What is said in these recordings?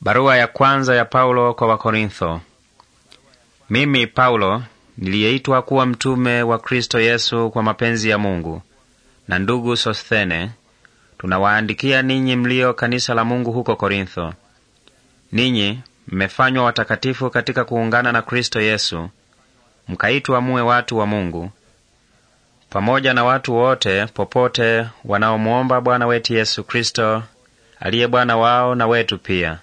Barua ya kwanza ya Paulo kwa Wakorintho. Mimi Paulo niliyeitwa kuwa mtume wa Kristo Yesu kwa mapenzi ya Mungu na ndugu Sosthene, tunawaandikia ninyi mlio kanisa la Mungu huko Korintho. Ninyi mmefanywa watakatifu katika kuungana na Kristo Yesu, mkaitwa muwe watu wa Mungu pamoja na watu wote popote wanaomwomba Bwana wetu Yesu Kristo aliye Bwana wao na wetu pia.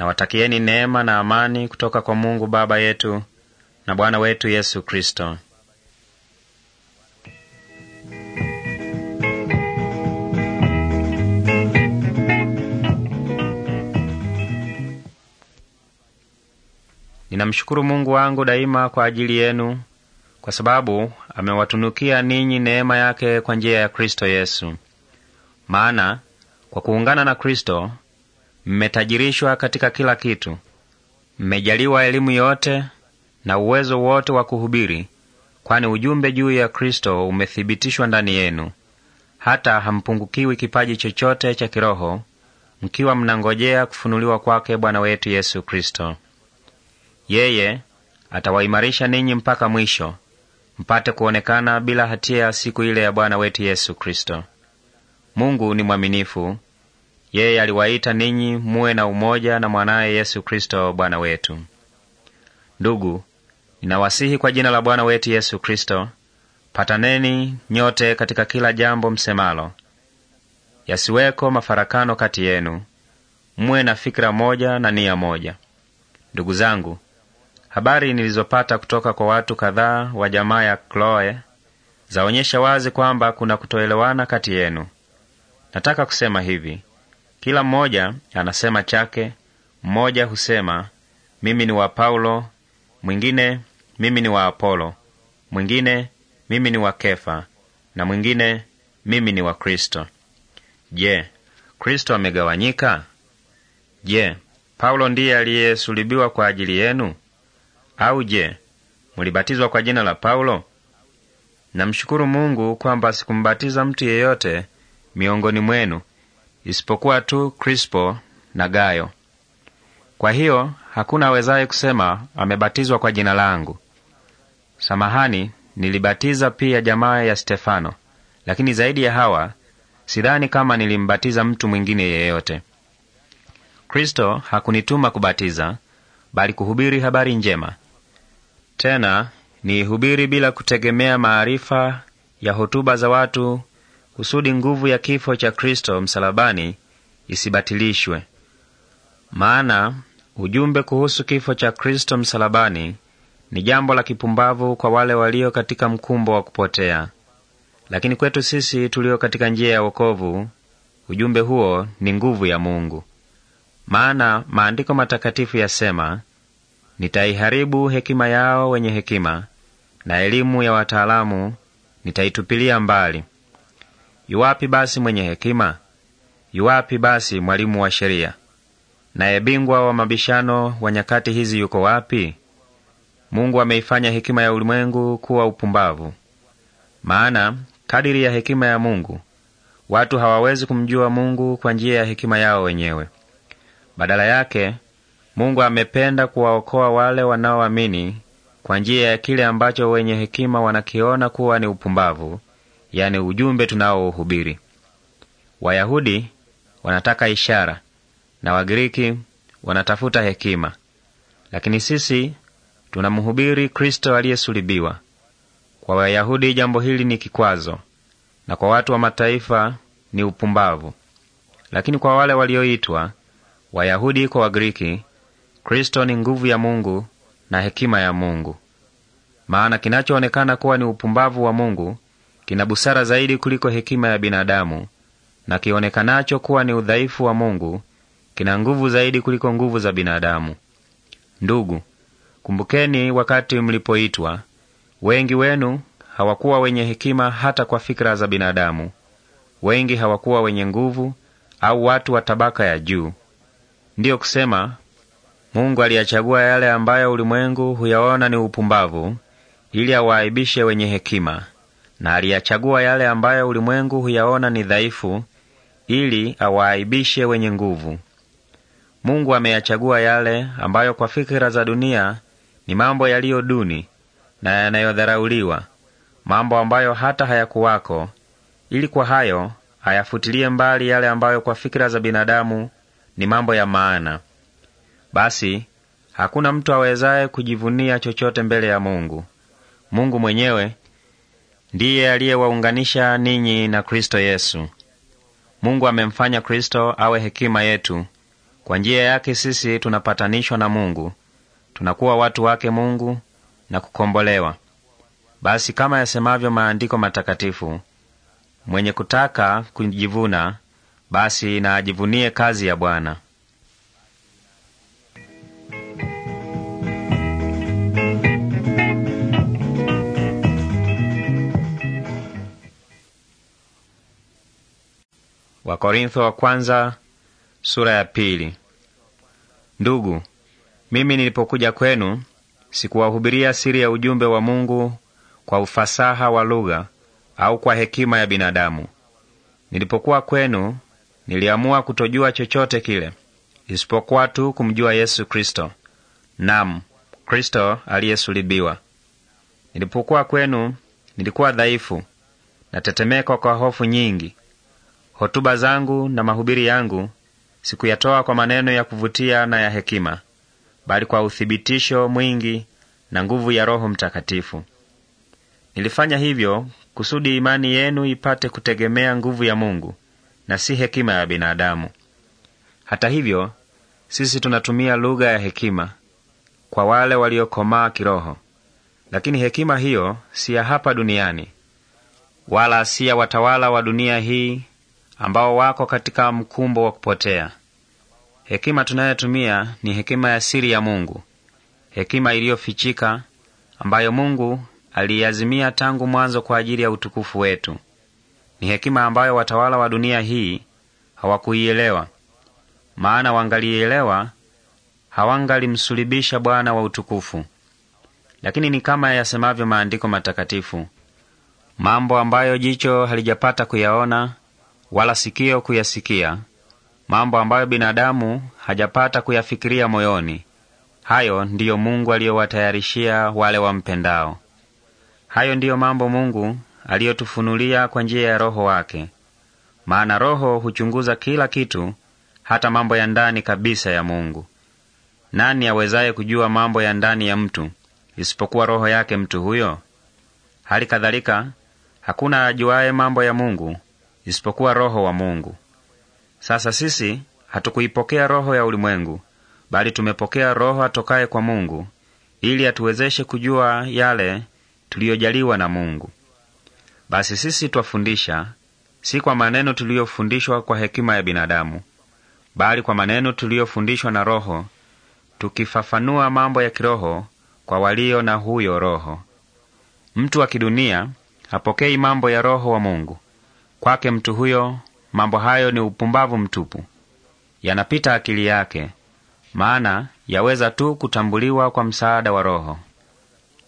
Nawatakieni neema na amani kutoka kwa Mungu Baba yetu na Bwana wetu Yesu Kristo. Ninamshukuru Mungu wangu daima kwa ajili yenu, kwa sababu amewatunukia ninyi neema yake kwa njia ya Kristo Yesu. Maana kwa kuungana na Kristo mmetajirishwa katika kila kitu, mmejaliwa elimu yote na uwezo wote wa kuhubiri, kwani ujumbe juu ya Kristo umethibitishwa ndani yenu, hata hampungukiwi kipaji chochote cha kiroho, mkiwa mnangojea kufunuliwa kwake Bwana wetu Yesu Kristo. Yeye atawaimarisha ninyi mpaka mwisho, mpate kuonekana bila hatia siku ile ya Bwana wetu Yesu Kristo. Mungu ni mwaminifu yeye aliwaita ninyi muwe na umoja na mwanaye Yesu Kristo Bwana wetu. Ndugu, ninawasihi kwa jina la Bwana wetu Yesu Kristo, pataneni nyote katika kila jambo msemalo, yasiweko mafarakano kati yenu, muwe na fikira moja na nia moja. Ndugu zangu, habari nilizopata kutoka kwa watu kadhaa wa jamaa ya Kloe zaonyesha wazi kwamba kuna kutoelewana kati yenu. Nataka kusema hivi: kila mmoja anasema chake, mmoja husema mimi ni wa Paulo, mwingine mimi ni wa Apolo, mwingine mimi ni wa Kefa, na mwingine mimi ni wa Kristo. Je, Kristo amegawanyika? Je, Paulo ndiye aliyesulibiwa kwa ajili yenu? Au je, mulibatizwa kwa jina la Paulo? Namshukuru Mungu kwamba sikumbatiza mtu yeyote miongoni mwenu isipokuwa tu Krispo na Gayo. Kwa hiyo hakuna awezaye kusema amebatizwa kwa jina langu. Samahani, nilibatiza pia jamaa ya Stefano, lakini zaidi ya hawa sidhani kama nilimbatiza mtu mwingine yeyote. Kristo hakunituma kubatiza, bali kuhubiri habari njema. Tena niihubiri bila kutegemea maarifa ya hotuba za watu kusudi nguvu ya kifo cha Kristo msalabani isibatilishwe. Maana ujumbe kuhusu kifo cha Kristo msalabani ni jambo la kipumbavu kwa wale walio katika mkumbo wa kupotea, lakini kwetu sisi tulio katika njia ya wokovu ujumbe huo ni nguvu ya Mungu. Maana maandiko matakatifu yasema, nitaiharibu hekima yao wenye hekima, na elimu ya wataalamu nitaitupilia mbali. Yuwapi basi mwenye hekima? Yuwapi basi mwalimu wa sheria? Naye bingwa wa mabishano wa nyakati hizi yuko wapi? Mungu ameifanya hekima ya ulimwengu kuwa upumbavu. Maana kadiri ya hekima ya Mungu watu hawawezi kumjua Mungu kwa njia ya hekima yao wenyewe. Badala yake, Mungu amependa kuwaokoa wale wanaoamini kwa njia ya kile ambacho wenye hekima wanakiona kuwa ni upumbavu, yani ujumbe tunaohubiri. Wayahudi wanataka ishara na Wagiriki wanatafuta hekima, lakini sisi tunamhubiri Kristo aliyesulibiwa. Kwa Wayahudi jambo hili ni kikwazo, na kwa watu wa mataifa ni upumbavu, lakini kwa wale walioitwa, Wayahudi kwa Wagiriki, Kristo ni nguvu ya Mungu na hekima ya Mungu. Maana kinachoonekana kuwa ni upumbavu wa Mungu kina busara zaidi kuliko hekima ya binadamu, na kionekanacho kuwa ni udhaifu wa Mungu kina nguvu zaidi kuliko nguvu za binadamu. Ndugu, kumbukeni wakati mlipoitwa. Wengi wenu hawakuwa wenye hekima hata kwa fikra za binadamu, wengi hawakuwa wenye nguvu au watu wa tabaka ya juu. Ndiyo kusema Mungu aliyachagua yale ambayo ulimwengu huyaona ni upumbavu, ili awaaibishe wenye hekima na aliyachagua yale ambayo ulimwengu huyaona ni dhaifu, ili awaaibishe wenye nguvu. Mungu ameyachagua yale ambayo kwa fikira za dunia ni mambo yaliyo duni na yanayodharauliwa, mambo ambayo hata hayakuwako, ili kwa hayo ayafutilie mbali yale ambayo kwa fikira za binadamu ni mambo ya maana. Basi hakuna mtu awezaye kujivunia chochote mbele ya Mungu. Mungu mwenyewe ndiye aliyewaunganisha ninyi na Kristo Yesu. Mungu amemfanya Kristo awe hekima yetu. Kwa njia yake sisi tunapatanishwa na Mungu, tunakuwa watu wake Mungu na kukombolewa. Basi kama yasemavyo maandiko matakatifu, mwenye kutaka kujivuna basi na ajivunie kazi ya Bwana. Wakorintho wa kwanza, sura ya pili. Ndugu, mimi nilipokuja kwenu sikuwahubiria siri ya ujumbe wa Mungu kwa ufasaha wa lugha au kwa hekima ya binadamu. Nilipokuwa kwenu niliamua kutojua chochote kile isipokuwa tu kumjua Yesu Kristo, nam Kristo aliyesulibiwa. Nilipokuwa kwenu nilikuwa dhaifu, na natetemeka kwa hofu nyingi Hotuba zangu na mahubiri yangu sikuyatoa kwa maneno ya kuvutia na ya hekima, bali kwa uthibitisho mwingi na nguvu ya Roho Mtakatifu. Nilifanya hivyo kusudi imani yenu ipate kutegemea nguvu ya Mungu na si hekima ya binadamu. Hata hivyo, sisi tunatumia lugha ya hekima kwa wale waliokomaa kiroho, lakini hekima hiyo si ya hapa duniani, wala si ya watawala wa dunia hii ambao wako katika mkumbo wa kupotea. Hekima tunayotumia ni hekima ya siri ya Mungu, hekima iliyofichika ambayo Mungu aliiazimia tangu mwanzo kwa ajili ya utukufu wetu. Ni hekima ambayo watawala wa dunia hii hawakuielewa, maana wangaliielewa hawangalimsulibisha Bwana wa utukufu. Lakini ni kama yasemavyo maandiko matakatifu, mambo ambayo jicho halijapata kuyaona wala sikio kuyasikia mambo ambayo binadamu hajapata kuyafikiria moyoni. Hayo ndiyo Mungu aliyowatayarishia wale wampendao. Hayo ndiyo mambo Mungu aliyotufunulia kwa njia ya Roho wake, maana Roho huchunguza kila kitu, hata mambo ya ndani kabisa ya Mungu. Nani awezaye kujua mambo ya ndani ya mtu isipokuwa roho yake mtu huyo? Hali kadhalika hakuna ajuaye mambo ya Mungu isipokuwa Roho wa Mungu. Sasa sisi hatukuipokea roho ya ulimwengu, bali tumepokea Roho atokaye kwa Mungu, ili atuwezeshe kujua yale tuliyojaliwa na Mungu. Basi sisi twafundisha, si kwa maneno tuliyofundishwa kwa hekima ya binadamu, bali kwa maneno tuliyofundishwa na Roho, tukifafanua mambo ya kiroho kwa walio na huyo Roho. Mtu wa kidunia hapokei mambo ya Roho wa Mungu, Kwake mtu huyo mambo hayo ni upumbavu mtupu, yanapita akili yake, maana yaweza tu kutambuliwa kwa msaada wa Roho.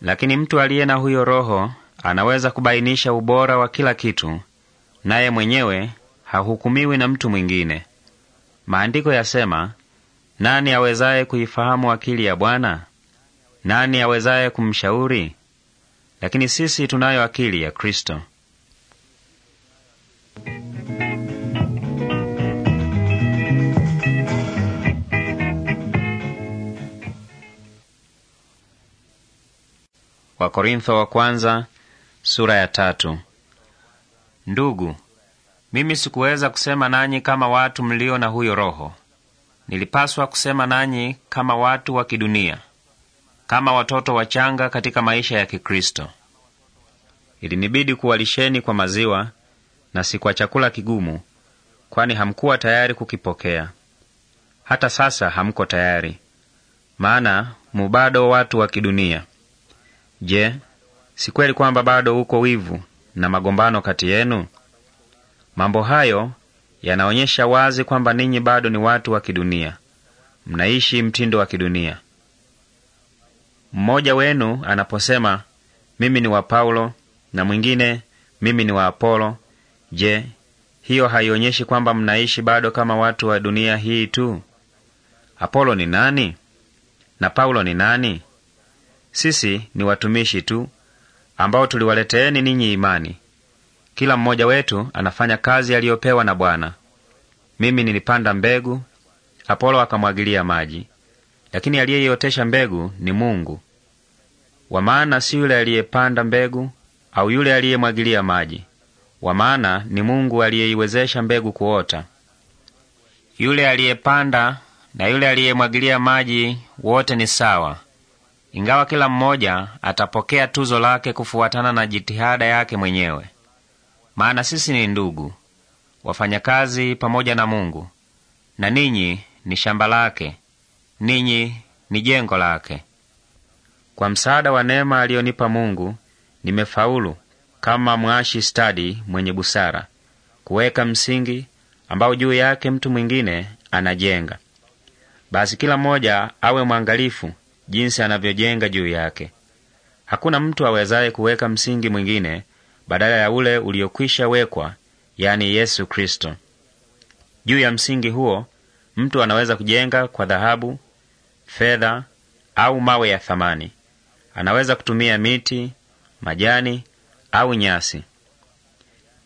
Lakini mtu aliye na huyo Roho anaweza kubainisha ubora wa kila kitu, naye mwenyewe hahukumiwi na mtu mwingine. Maandiko yasema, nani awezaye kuifahamu akili ya Bwana? Nani awezaye kumshauri? Lakini sisi tunayo akili ya Kristo. Wakorintho wa kwanza, sura ya tatu. Ndugu, mimi sikuweza kusema nanyi kama watu mlio na huyo Roho. Nilipaswa kusema nanyi kama watu wa kidunia, kama watoto wachanga katika maisha ya Kikristo. Ilinibidi kuwalisheni kwa maziwa na si kwa chakula kigumu, kwani hamkuwa tayari kukipokea. Hata sasa hamko tayari, maana mubado watu wa kidunia. Je, si kweli kwamba bado uko wivu na magombano kati yenu? Mambo hayo yanaonyesha wazi kwamba ninyi bado ni watu wa kidunia, mnaishi mtindo wa kidunia. Mmoja wenu anaposema mimi ni wa Paulo na mwingine mimi ni wa Apolo, je, hiyo haionyeshi kwamba mnaishi bado kama watu wa dunia hii tu? Apolo ni nani na Paulo ni nani? Sisi ni watumishi tu ambao tuliwaleteeni ninyi imani. Kila mmoja wetu anafanya kazi aliyopewa na Bwana. Mimi nilipanda mbegu, Apolo akamwagilia maji, lakini aliyeiotesha mbegu ni Mungu. Wa maana si yule aliyepanda mbegu au yule aliyemwagilia maji, wa maana ni Mungu aliyeiwezesha mbegu kuota. Yule aliyepanda na yule aliyemwagilia maji wote ni sawa, ingawa kila mmoja atapokea tuzo lake kufuatana na jitihada yake mwenyewe. Maana sisi ni ndugu wafanyakazi pamoja na Mungu, na ninyi ni shamba lake, ninyi ni jengo lake. Kwa msaada wa neema aliyonipa Mungu, nimefaulu kama mwashi stadi mwenye busara kuweka msingi ambao juu yake mtu mwingine anajenga. Basi kila mmoja awe mwangalifu jinsi anavyojenga juu yake. Hakuna mtu awezaye kuweka msingi mwingine badala ya ule uliokwisha wekwa, yani Yesu Kristo. Juu ya msingi huo mtu anaweza kujenga kwa dhahabu, fedha au mawe ya thamani. Anaweza kutumia miti, majani au nyasi.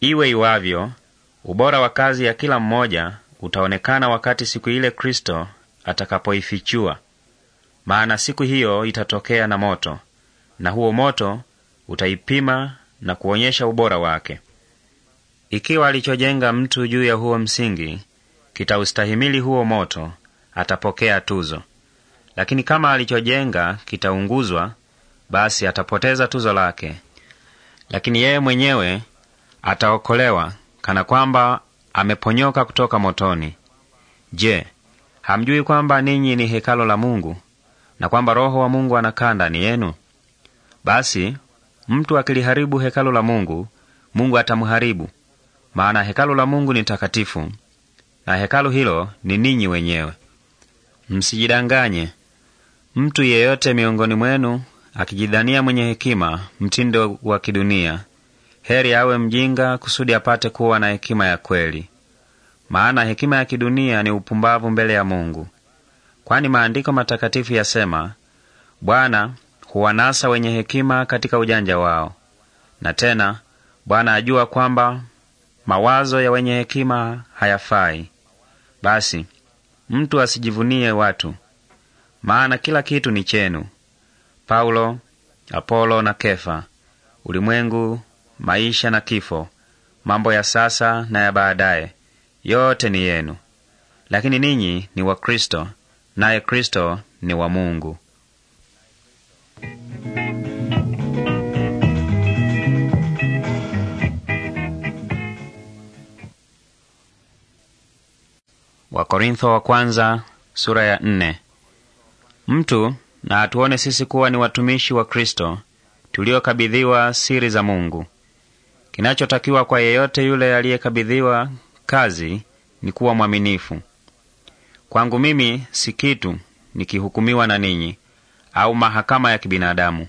Iwe iwavyo, ubora wa kazi ya kila mmoja utaonekana wakati siku ile Kristo atakapoifichua maana siku hiyo itatokea na moto, na huo moto utaipima na kuonyesha ubora wake. Ikiwa alichojenga mtu juu ya huo msingi kitaustahimili huo moto, atapokea tuzo. Lakini kama alichojenga kitaunguzwa, basi atapoteza tuzo lake, lakini yeye mwenyewe ataokolewa, kana kwamba ameponyoka kutoka motoni. Je, hamjui kwamba ninyi ni hekalo la Mungu na kwamba Roho wa Mungu anakaa ndani yenu? Basi mtu akiliharibu hekalu la Mungu, Mungu atamharibu, maana hekalu la Mungu ni takatifu na hekalu hilo ni ninyi wenyewe. Msijidanganye. Mtu yeyote miongoni mwenu akijidhania mwenye hekima mtindo wa kidunia, heri awe mjinga, kusudi apate kuwa na hekima ya kweli. Maana hekima ya kidunia ni upumbavu mbele ya Mungu kwani maandiko matakatifu yasema, Bwana huwanasa wenye hekima katika ujanja wao. Na tena Bwana ajua kwamba mawazo ya wenye hekima hayafai. Basi mtu asijivunie watu, maana kila kitu ni chenu. Paulo, Apolo na Kefa, ulimwengu, maisha na kifo, mambo ya sasa na ya baadaye, yote ni yenu. Lakini ninyi ni Wakristo, naye Kristo ni wa Mungu. Wakorintho wa kwanza, sura ya nne. Mtu na atuone sisi kuwa ni watumishi wa Kristo tuliokabidhiwa siri za Mungu. Kinachotakiwa kwa yeyote yule aliyekabidhiwa kazi ni kuwa mwaminifu. Kwangu mimi si kitu nikihukumiwa na ninyi au mahakama ya kibinadamu,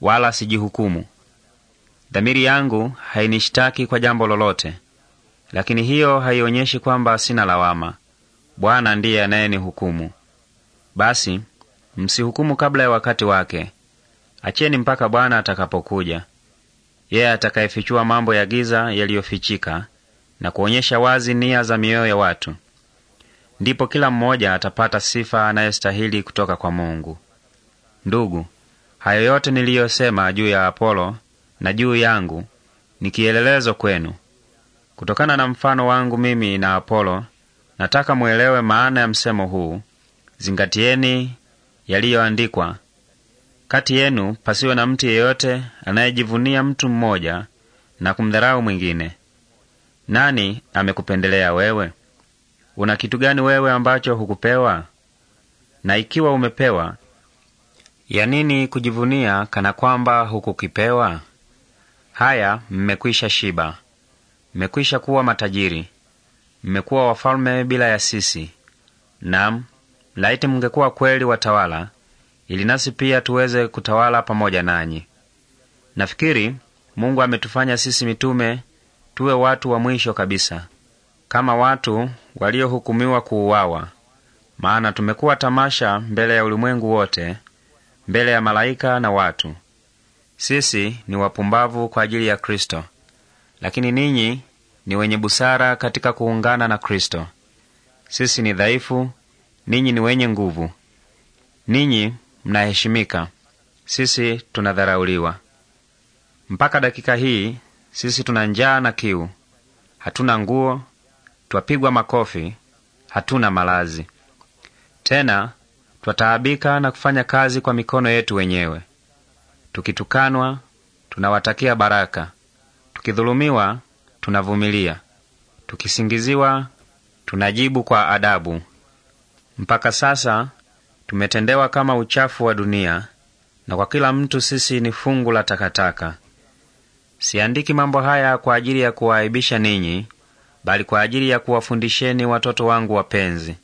wala sijihukumu. Dhamiri yangu hainishtaki kwa jambo lolote, lakini hiyo haionyeshi kwamba sina lawama. Bwana ndiye anayenihukumu. Basi msihukumu kabla ya wakati wake, acheni mpaka Bwana atakapokuja, yeye atakayefichua mambo ya giza yaliyofichika na kuonyesha wazi nia za mioyo ya watu ndipo kila mmoja atapata sifa anayostahili kutoka kwa Mungu. Ndugu, hayo yote niliyosema juu ya Apolo na juu yangu ni kielelezo kwenu. Kutokana na mfano wangu mimi na Apolo, nataka mwelewe maana ya msemo huu. Zingatieni yaliyoandikwa: kati yenu pasiwe na mtu yeyote anayejivunia mtu mmoja na kumdharau mwingine. Nani amekupendelea wewe? Una kitu gani wewe ambacho hukupewa? Na ikiwa umepewa, ya nini kujivunia kana kwamba hukukipewa? Haya, mmekwisha shiba, mmekwisha kuwa matajiri, mmekuwa wafalme bila ya sisi. nam laiti mngekuwa kweli watawala, ili nasi pia tuweze kutawala pamoja nanyi. Nafikiri Mungu ametufanya sisi mitume tuwe watu wa mwisho kabisa, kama watu waliohukumiwa kuuawa, maana tumekuwa tamasha mbele ya ulimwengu wote, mbele ya malaika na watu. Sisi ni wapumbavu kwa ajili ya Kristo, lakini ninyi ni wenye busara katika kuungana na Kristo. Sisi ni dhaifu, ninyi ni wenye nguvu. Ninyi mnaheshimika, sisi tunadharauliwa. Mpaka dakika hii sisi tuna njaa na kiu, hatuna nguo, twapigwa makofi, hatuna malazi tena, twataabika na kufanya kazi kwa mikono yetu wenyewe. Tukitukanwa tunawatakia baraka, tukidhulumiwa tunavumilia, tukisingiziwa tunajibu kwa adabu. Mpaka sasa tumetendewa kama uchafu wa dunia, na kwa kila mtu sisi ni fungu la takataka. Siandiki mambo haya kwa ajili ya kuwaaibisha ninyi, bali kwa ajili ya kuwafundisheni watoto wangu wapenzi.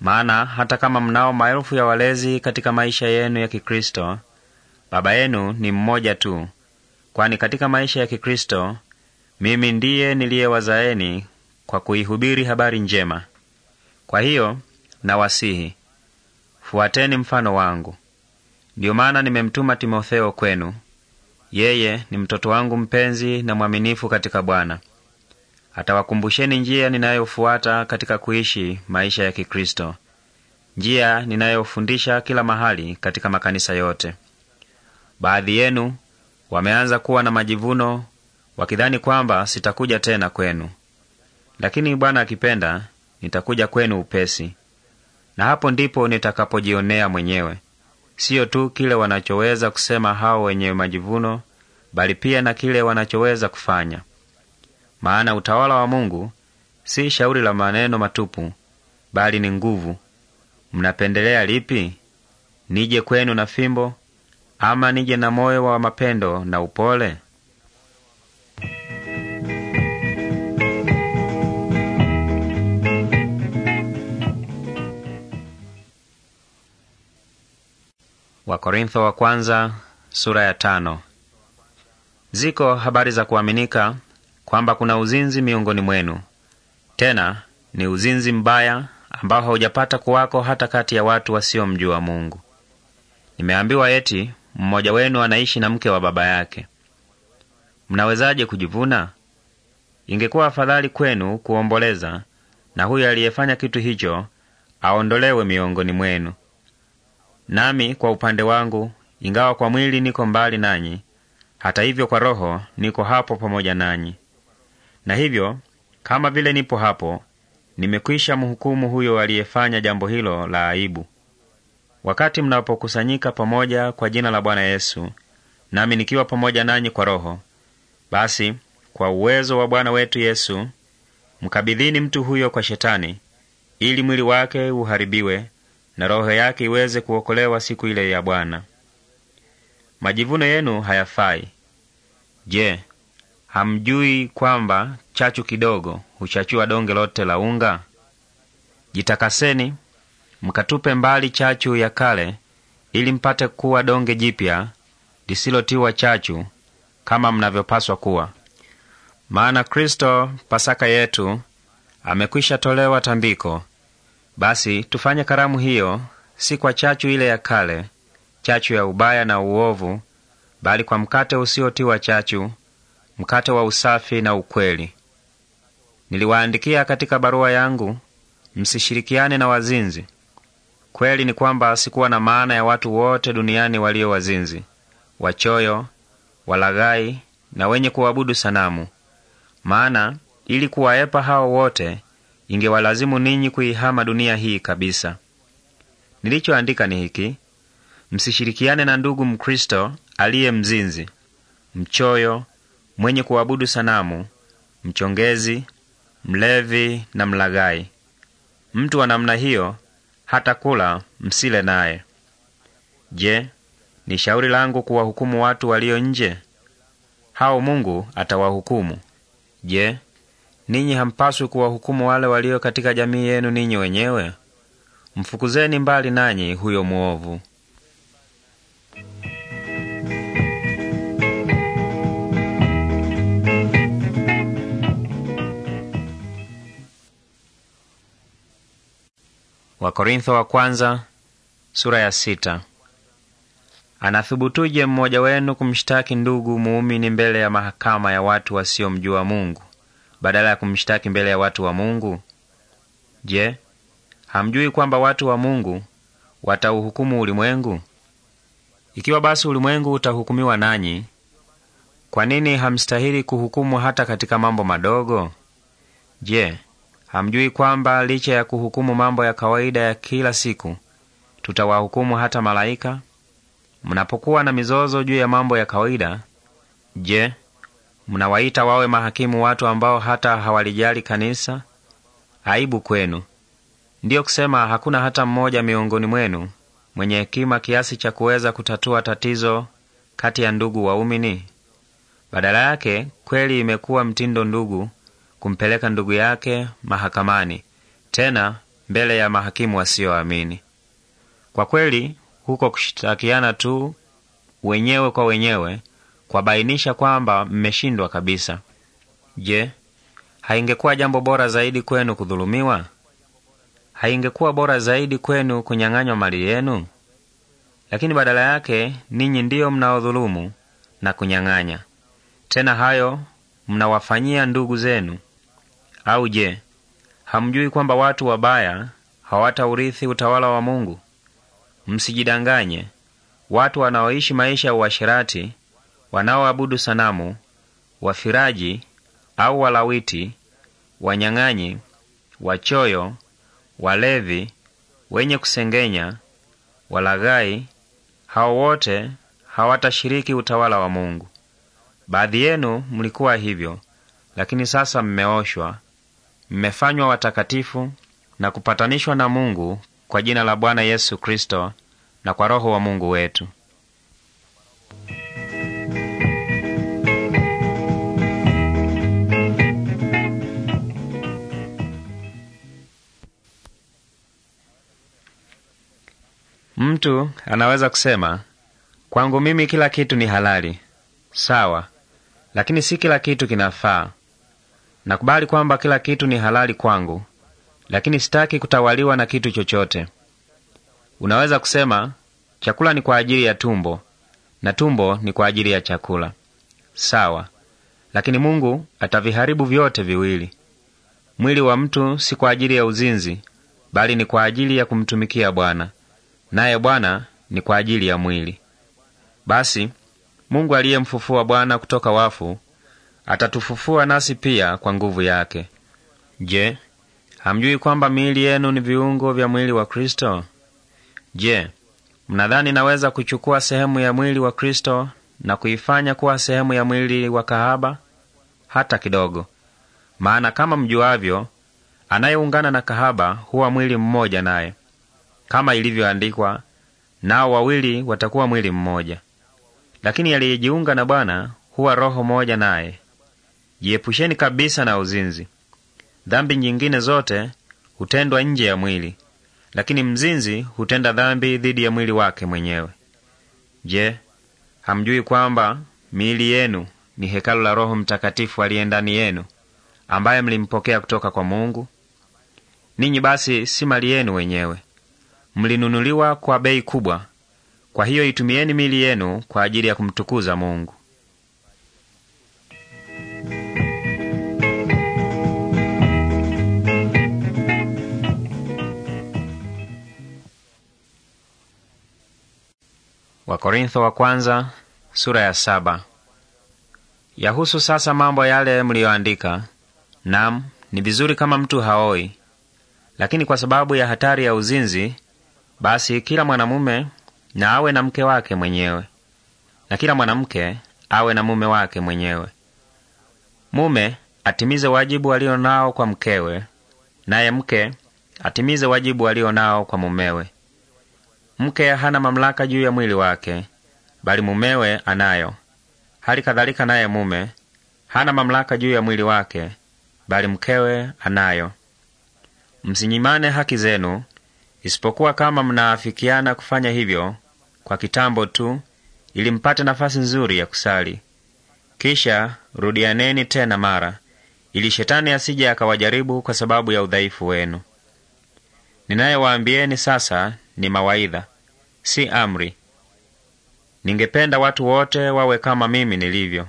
Maana hata kama mnao maelfu ya walezi katika maisha yenu ya Kikristo, baba yenu ni mmoja tu, kwani katika maisha ya Kikristo mimi ndiye niliyewazaeni kwa kuihubiri habari njema. Kwa hiyo nawasihi, fuateni mfano wangu. Ndiyo maana nimemtuma Timotheo kwenu. Yeye ni mtoto wangu mpenzi na mwaminifu katika Bwana atawakumbusheni njia ninayofuata katika kuishi maisha ya Kikristo, njia ninayofundisha kila mahali katika makanisa yote. Baadhi yenu wameanza kuwa na majivuno, wakidhani kwamba sitakuja tena kwenu, lakini Bwana akipenda nitakuja kwenu upesi, na hapo ndipo nitakapojionea mwenyewe siyo tu kile wanachoweza kusema hao wenye majivuno, bali pia na kile wanachoweza kufanya. Maana utawala wa Mungu si shauri la maneno matupu, bali ni nguvu. Mnapendelea lipi? Nije kwenu na fimbo, ama nije na moyo wa mapendo na upole? Wakorintho wa kwanza, sura ya tano. Ziko habari za kuaminika kwamba kuna uzinzi miongoni mwenu, tena ni uzinzi mbaya ambao haujapata kuwako hata kati ya watu wasiomjua Mungu. Nimeambiwa eti mmoja wenu anaishi na mke wa baba yake. Mnawezaje kujivuna? Ingekuwa afadhali kwenu kuomboleza na huyo aliyefanya kitu hicho aondolewe miongoni mwenu. Nami kwa upande wangu, ingawa kwa mwili niko mbali nanyi, hata hivyo kwa roho niko hapo pamoja nanyi. Na hivyo kama vile nipo hapo, nimekwisha mhukumu huyo aliyefanya jambo hilo la aibu. Wakati mnapokusanyika pamoja kwa jina la Bwana Yesu, nami nikiwa pamoja nanyi kwa Roho, basi kwa uwezo wa Bwana wetu Yesu mkabidhini mtu huyo kwa Shetani, ili mwili wake uharibiwe na roho yake iweze kuokolewa siku ile ya Bwana. Majivuno yenu hayafai. Je, Hamjui kwamba chachu kidogo huchachua donge lote la unga? Jitakaseni mkatupe mbali chachu ya kale, ili mpate kuwa donge jipya lisilotiwa chachu, kama mnavyopaswa kuwa. Maana Kristo Pasaka yetu amekwisha tolewa tambiko. Basi tufanye karamu hiyo, si kwa chachu ile ya kale, chachu ya ubaya na uovu, bali kwa mkate usiotiwa chachu mkate wa usafi na ukweli. Niliwaandikia katika barua yangu, msishirikiane na wazinzi. Kweli ni kwamba sikuwa na maana ya watu wote duniani walio wazinzi, wachoyo, walaghai na wenye kuabudu sanamu. Maana ili kuwaepa hao wote, ingewalazimu ninyi kuihama dunia hii kabisa. Nilichoandika ni hiki: msishirikiane na ndugu Mkristo aliye mzinzi, mchoyo mwenye kuabudu sanamu, mchongezi, mlevi na mlagai. Mtu wa namna hiyo hata kula msile naye. Je, ni shauri langu kuwahukumu watu walio nje? Hao Mungu atawahukumu. Je, ninyi hampaswi kuwahukumu wale walio katika jamii yenu ninyi wenyewe? Mfukuzeni mbali nanyi huyo mwovu. Wakorintho wa kwanza, sura ya sita. Anathubutuje mmoja wenu kumshtaki ndugu muumini mbele ya mahakama ya watu wasiomjua Mungu badala ya kumshtaki mbele ya watu wa Mungu? Je, hamjui kwamba watu wa Mungu watauhukumu ulimwengu? Ikiwa basi ulimwengu utahukumiwa nanyi, kwa nini hamstahili kuhukumu hata katika mambo madogo? Je, Hamjui kwamba licha ya kuhukumu mambo ya kawaida ya kila siku, tutawahukumu hata malaika? Mnapokuwa na mizozo juu ya mambo ya kawaida, je, mnawaita wawe mahakimu watu ambao hata hawalijali kanisa? Aibu kwenu! Ndiyo kusema hakuna hata mmoja miongoni mwenu mwenye hekima kiasi cha kuweza kutatua tatizo kati ya ndugu waumini. Badala yake, kweli imekuwa mtindo ndugu kumpeleka ndugu yake mahakamani, tena mbele ya mahakimu wasioamini. Kwa kweli, huko kushitakiana tu wenyewe kwa wenyewe kwabainisha kwamba mmeshindwa kabisa. Je, haingekuwa jambo bora zaidi kwenu kudhulumiwa? Haingekuwa bora zaidi kwenu kunyang'anywa mali yenu? Lakini badala yake ninyi ndiyo mnaodhulumu na kunyang'anya. Tena hayo mnawafanyia ndugu zenu, au je, hamjui kwamba watu wabaya hawataurithi utawala wa Mungu? Msijidanganye, watu wanaoishi maisha ya uasherati, wanaoabudu sanamu, wafiraji au walawiti, wanyang'anyi, wachoyo, walevi, wenye kusengenya, walaghai, hao wote hawatashiriki utawala wa Mungu. Baadhi yenu mlikuwa hivyo, lakini sasa mmeoshwa, mmefanywa watakatifu na kupatanishwa na Mungu kwa jina la Bwana Yesu Kristo na kwa Roho wa Mungu wetu. Mtu anaweza kusema kwangu mimi kila kitu ni halali, sawa, lakini si kila kitu kinafaa. Nakubali kwamba kila kitu ni halali kwangu, lakini sitaki kutawaliwa na kitu chochote. Unaweza kusema chakula ni kwa ajili ya tumbo na tumbo ni kwa ajili ya chakula. Sawa, lakini Mungu ataviharibu vyote viwili. Mwili wa mtu si kwa ajili ya uzinzi, bali ni kwa ajili ya kumtumikia Bwana, naye Bwana ni kwa ajili ya mwili. Basi Mungu aliyemfufua Bwana kutoka wafu atatufufua nasi pia kwa nguvu yake. Je, hamjui kwamba miili yenu ni viungo vya mwili wa Kristo? Je, mnadhani naweza kuchukua sehemu ya mwili wa Kristo na kuifanya kuwa sehemu ya mwili wa kahaba? Hata kidogo! Maana kama mjuavyo, anayeungana na kahaba huwa mwili mmoja naye, kama ilivyoandikwa, nao wawili watakuwa mwili mmoja. Lakini aliyejiunga na Bwana huwa roho moja naye. Jiepusheni kabisa na uzinzi. Dhambi nyingine zote hutendwa nje ya mwili, lakini mzinzi hutenda dhambi dhidi ya mwili wake mwenyewe. Je, hamjui kwamba miili yenu ni hekalu la Roho Mtakatifu aliye ndani yenu, ambaye mlimpokea kutoka kwa Mungu? Ninyi basi si mali yenu wenyewe, mlinunuliwa kwa bei kubwa. Kwa hiyo itumieni miili yenu kwa ajili ya kumtukuza Mungu. Wakorintho wa kwanza, sura ya saba. Yahusu sasa mambo yale mliyoandika, nam ni vizuri kama mtu haoi. Lakini kwa sababu ya hatari ya uzinzi, basi kila mwanamume na awe na mke wake mwenyewe, na kila mwanamke awe na mume wake mwenyewe. Mume atimize wajibu alio nao kwa mkewe, naye mke atimize wajibu alio nao kwa mumewe. Mke hana mamlaka juu ya mwili wake, bali mumewe anayo. Hali kadhalika naye mume hana mamlaka juu ya mwili wake, bali mkewe anayo. Msinyimane haki zenu, isipokuwa kama mnaafikiana kufanya hivyo kwa kitambo tu, ili mpate nafasi nzuri ya kusali. Kisha rudianeni tena mara, ili shetani asije akawajaribu kwa sababu ya udhaifu wenu. Ninayewaambieni sasa ni mawaidha, si amri. Ningependa watu wote wawe kama mimi nilivyo,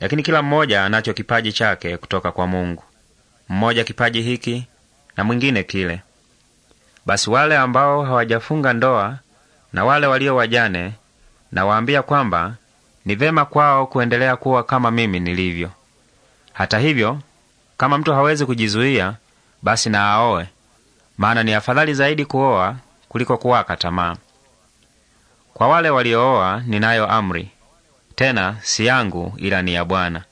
lakini kila mmoja anacho kipaji chake kutoka kwa Mungu, mmoja kipaji hiki na mwingine kile. Basi wale ambao hawajafunga ndoa na wale walio wajane, nawaambia kwamba ni vema kwao kuendelea kuwa kama mimi nilivyo. Hata hivyo, kama mtu hawezi kujizuia, basi na aoe, maana ni afadhali zaidi kuoa kuliko kuwaka tamaa. Kwa wale waliooa ninayo amri, tena si yangu, ila ni ya Bwana.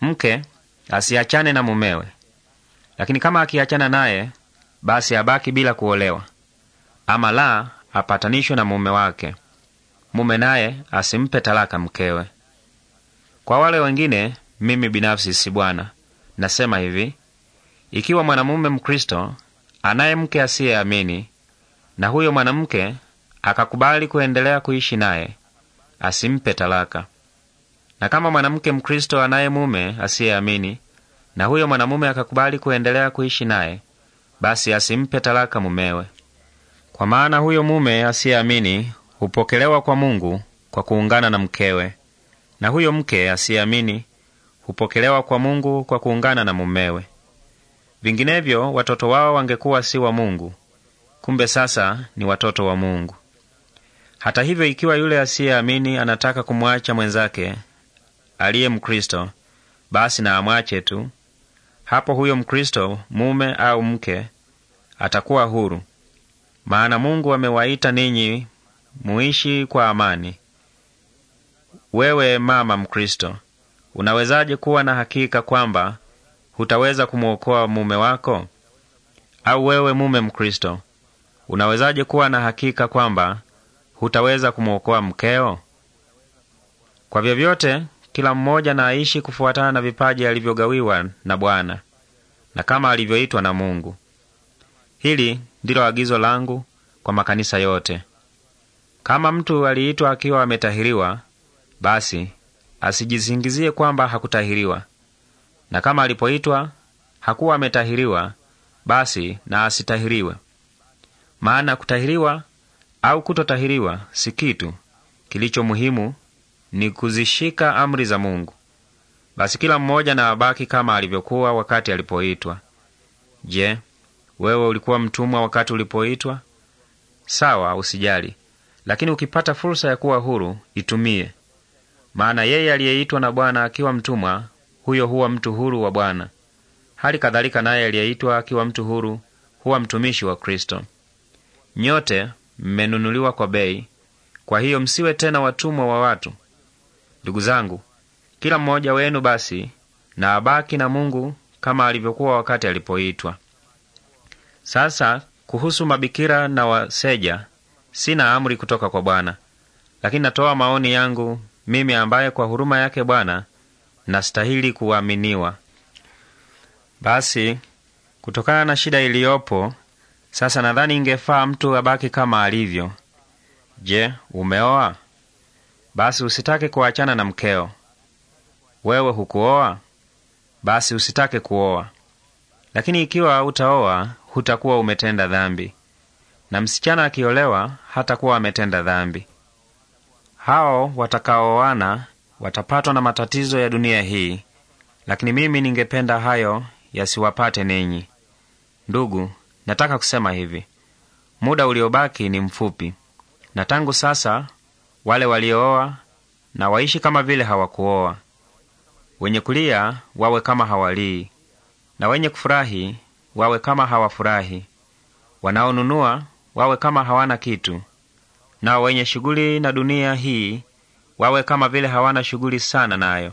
Mke asiachane na mumewe, lakini kama akiachana naye, basi abaki bila kuolewa, ama la, apatanishwe na mume wake. Mume naye asimpe talaka mkewe. Kwa wale wengine, mimi binafsi si Bwana, nasema hivi: ikiwa mwanamume Mkristo anaye mke asiyeamini na huyo mwanamke akakubali kuendelea kuishi naye, asimpe talaka. Na kama mwanamke Mkristo anaye mume asiyeamini na huyo mwanamume akakubali kuendelea kuishi naye, basi asimpe talaka mumewe, kwa maana huyo mume asiyeamini hupokelewa kwa Mungu kwa kuungana na mkewe, na huyo mke asiyeamini hupokelewa kwa Mungu kwa kuungana na mumewe. Vinginevyo watoto wao wangekuwa si wa Mungu, kumbe sasa ni watoto wa Mungu. Hata hivyo, ikiwa yule asiyeamini anataka kumwacha mwenzake aliye Mkristo, basi na amwache tu. Hapo huyo Mkristo, mume au mke, atakuwa huru, maana Mungu amewaita ninyi muishi kwa amani. Wewe mama Mkristo, unawezaje kuwa na hakika kwamba hutaweza kumwokoa mume wako? Au wewe mume Mkristo, unawezaje kuwa na hakika kwamba hutaweza kumwokoa mkeo? Kwa vyovyote, kila mmoja na aishi kufuatana na vipaji alivyogawiwa na Bwana na kama alivyoitwa na Mungu. Hili ndilo agizo langu kwa makanisa yote. Kama mtu aliitwa akiwa ametahiriwa, basi asijizingizie kwamba hakutahiriwa, na kama alipoitwa hakuwa ametahiriwa, basi na asitahiriwe. Maana kutahiriwa au kutotahiriwa si kitu. Kilicho muhimu ni kuzishika amri za Mungu. Basi kila mmoja na abaki kama alivyokuwa wakati alipoitwa. Je, wewe ulikuwa mtumwa wakati ulipoitwa? Sawa, usijali. Lakini ukipata fursa ya kuwa huru, itumie. Maana yeye aliyeitwa na Bwana akiwa mtumwa, huyo huwa mtu huru wa Bwana. Hali kadhalika naye aliyeitwa akiwa mtu huru huwa mtumishi wa Kristo. Nyote mmenunuliwa kwa bei, kwa hiyo msiwe tena watumwa wa watu. Ndugu zangu, kila mmoja wenu basi na abaki na Mungu kama alivyokuwa wakati alipoitwa. Sasa kuhusu mabikira na waseja, sina amri kutoka kwa Bwana, lakini natoa maoni yangu mimi, ambaye kwa huruma yake Bwana nastahili kuaminiwa. Basi kutokana na shida iliyopo sasa nadhani ingefaa mtu abaki kama alivyo. Je, umeoa? Basi usitake kuachana na mkeo. Wewe hukuoa? Basi usitake kuoa. Lakini ikiwa utaoa, hutakuwa umetenda dhambi, na msichana akiolewa hatakuwa ametenda dhambi. Hao watakaoana watapatwa na matatizo ya dunia hii, lakini mimi ningependa hayo yasiwapate ninyi, ndugu. Nataka kusema hivi: muda uliobaki ni mfupi, na tangu sasa wale waliooa na waishi kama vile hawakuoa, wenye kulia wawe kama hawalii, na wenye kufurahi wawe kama hawafurahi, wanaonunua wawe kama hawana kitu, nao wenye shughuli na dunia hii wawe kama vile hawana shughuli sana nayo,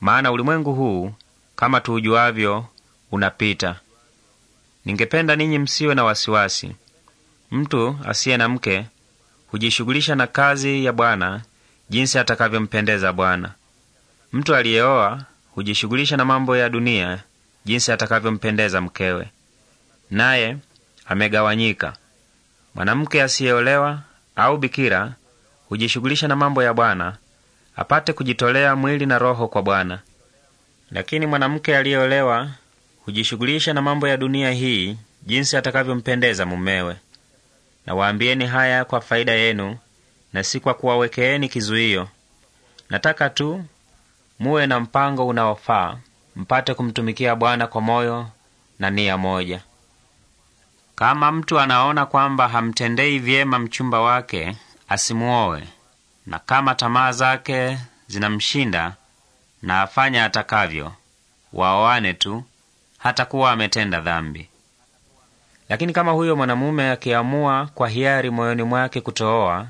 maana ulimwengu huu kama tuujuavyo unapita. Ningependa ninyi msiwe na wasiwasi. Mtu asiye na mke hujishughulisha na kazi ya Bwana jinsi atakavyompendeza Bwana. Mtu aliyeoa hujishughulisha na mambo ya dunia jinsi atakavyompendeza mkewe, naye amegawanyika. Mwanamke asiyeolewa au bikira hujishughulisha na mambo ya Bwana apate kujitolea mwili na roho kwa Bwana. Lakini mwanamke aliyeolewa hujishughulisha na mambo ya dunia hii jinsi atakavyompendeza mumewe. Nawaambieni haya kwa faida yenu na si kwa kuwawekeeni kizuio. Nataka tu muwe na mpango unaofaa, mpate kumtumikia Bwana kwa moyo na nia moja. Kama mtu anaona kwamba hamtendei vyema mchumba wake, asimuowe. Na kama tamaa zake zinamshinda na afanya atakavyo, waoane tu, hatakuwa ametenda dhambi. Lakini kama huyo mwanamume akiamua kwa hiari moyoni mwake kutooa,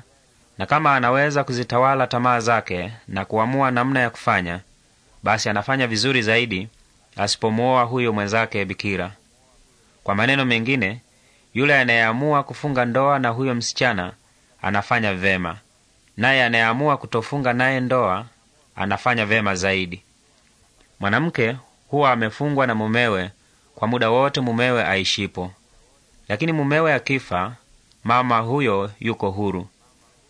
na kama anaweza kuzitawala tamaa zake na kuamua namna ya kufanya, basi anafanya vizuri zaidi asipomwoa huyo mwenzake bikira. Kwa maneno mengine, yule anayeamua kufunga ndoa na huyo msichana anafanya vema, naye anayeamua kutofunga naye ndoa anafanya vema zaidi. Mwanamke huwa amefungwa na mumewe kwa muda wote mumewe aishipo. Lakini mumewe akifa, mama huyo yuko huru,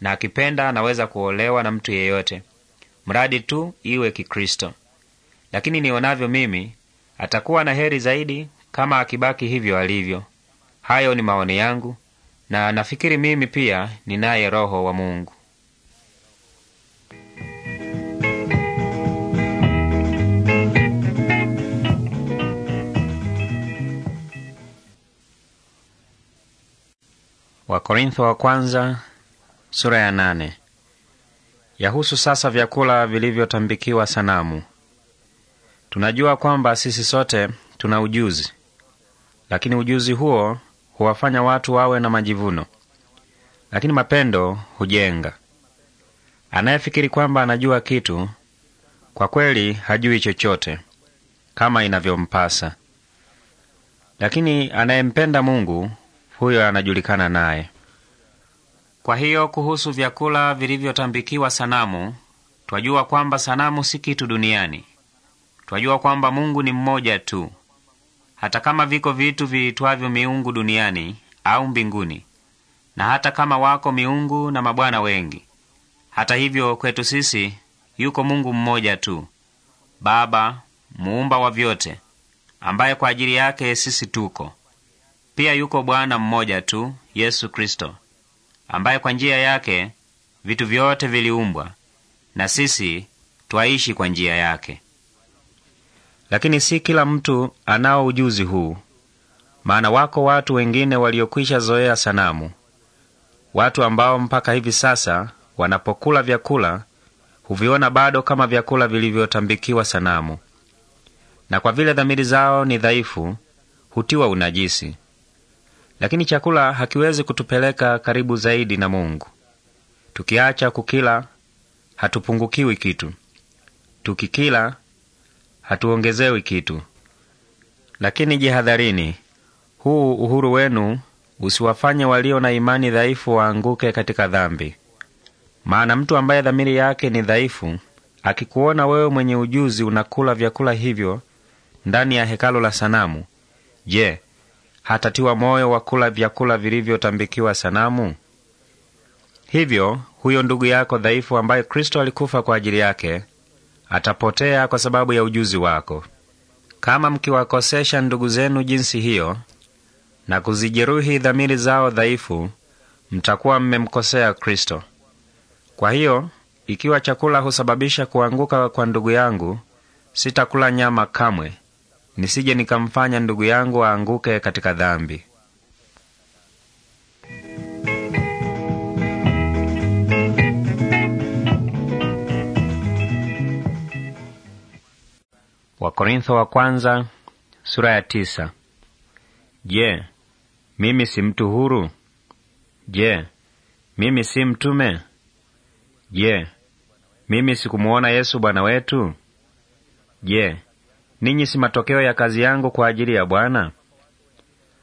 na akipenda anaweza kuolewa na mtu yeyote, mradi tu iwe Kikristo. Lakini nionavyo mimi, atakuwa na heri zaidi kama akibaki hivyo alivyo. Hayo ni maoni yangu, na nafikiri mimi pia ninaye Roho wa Mungu. Wakorintho wa kwanza, sura ya nane. Yahusu sasa vyakula vilivyotambikiwa sanamu. Tunajua kwamba sisi sote tuna ujuzi, lakini ujuzi huo huwafanya watu wawe na majivuno, lakini mapendo hujenga. Anayefikiri kwamba anajua kitu, kwa kweli hajui chochote kama inavyompasa, lakini anayempenda Mungu huyo anajulikana naye. Kwa hiyo kuhusu vyakula vilivyotambikiwa sanamu, twajua kwamba sanamu si kitu duniani. Twajua kwamba Mungu ni mmoja tu. Hata kama viko vitu viitwavyo miungu duniani au mbinguni, na hata kama wako miungu na mabwana wengi, hata hivyo kwetu sisi yuko Mungu mmoja tu, Baba muumba wa vyote, ambaye kwa ajili yake sisi tuko pia yuko Bwana mmoja tu, Yesu Kristo, ambaye kwa njia yake vitu vyote viliumbwa na sisi twaishi kwa njia yake. Lakini si kila mtu anao ujuzi huu, maana wako watu wengine waliokwisha zoea sanamu, watu ambao mpaka hivi sasa wanapokula vyakula huviona bado kama vyakula vilivyotambikiwa sanamu, na kwa vile dhamiri zao ni dhaifu hutiwa unajisi lakini chakula hakiwezi kutupeleka karibu zaidi na Mungu. Tukiacha kukila hatupungukiwi kitu, tukikila hatuongezewi kitu. Lakini jihadharini, huu uhuru wenu usiwafanye walio na imani dhaifu waanguke katika dhambi. Maana mtu ambaye dhamiri yake ni dhaifu akikuona wewe mwenye ujuzi unakula vyakula hivyo ndani ya hekalo la sanamu, je, hatatiwa moyo wa kula vyakula vilivyotambikiwa sanamu? Hivyo huyo ndugu yako dhaifu ambaye Kristo alikufa kwa ajili yake atapotea kwa sababu ya ujuzi wako. Kama mkiwakosesha ndugu zenu jinsi hiyo na kuzijeruhi dhamiri zao dhaifu, mtakuwa mmemkosea Kristo. Kwa hiyo ikiwa chakula husababisha kuanguka kwa ndugu yangu, sitakula nyama kamwe nisije nikamfanya ndugu yangu aanguke katika dhambi. Wakorintho wa kwanza, sura ya tisa. Je, mimi si mtu huru? Je, mimi si mtume? Je, mimi sikumuona Yesu Bwana wetu? Je, ninyi si matokeo ya kazi yangu kwa ajili ya Bwana?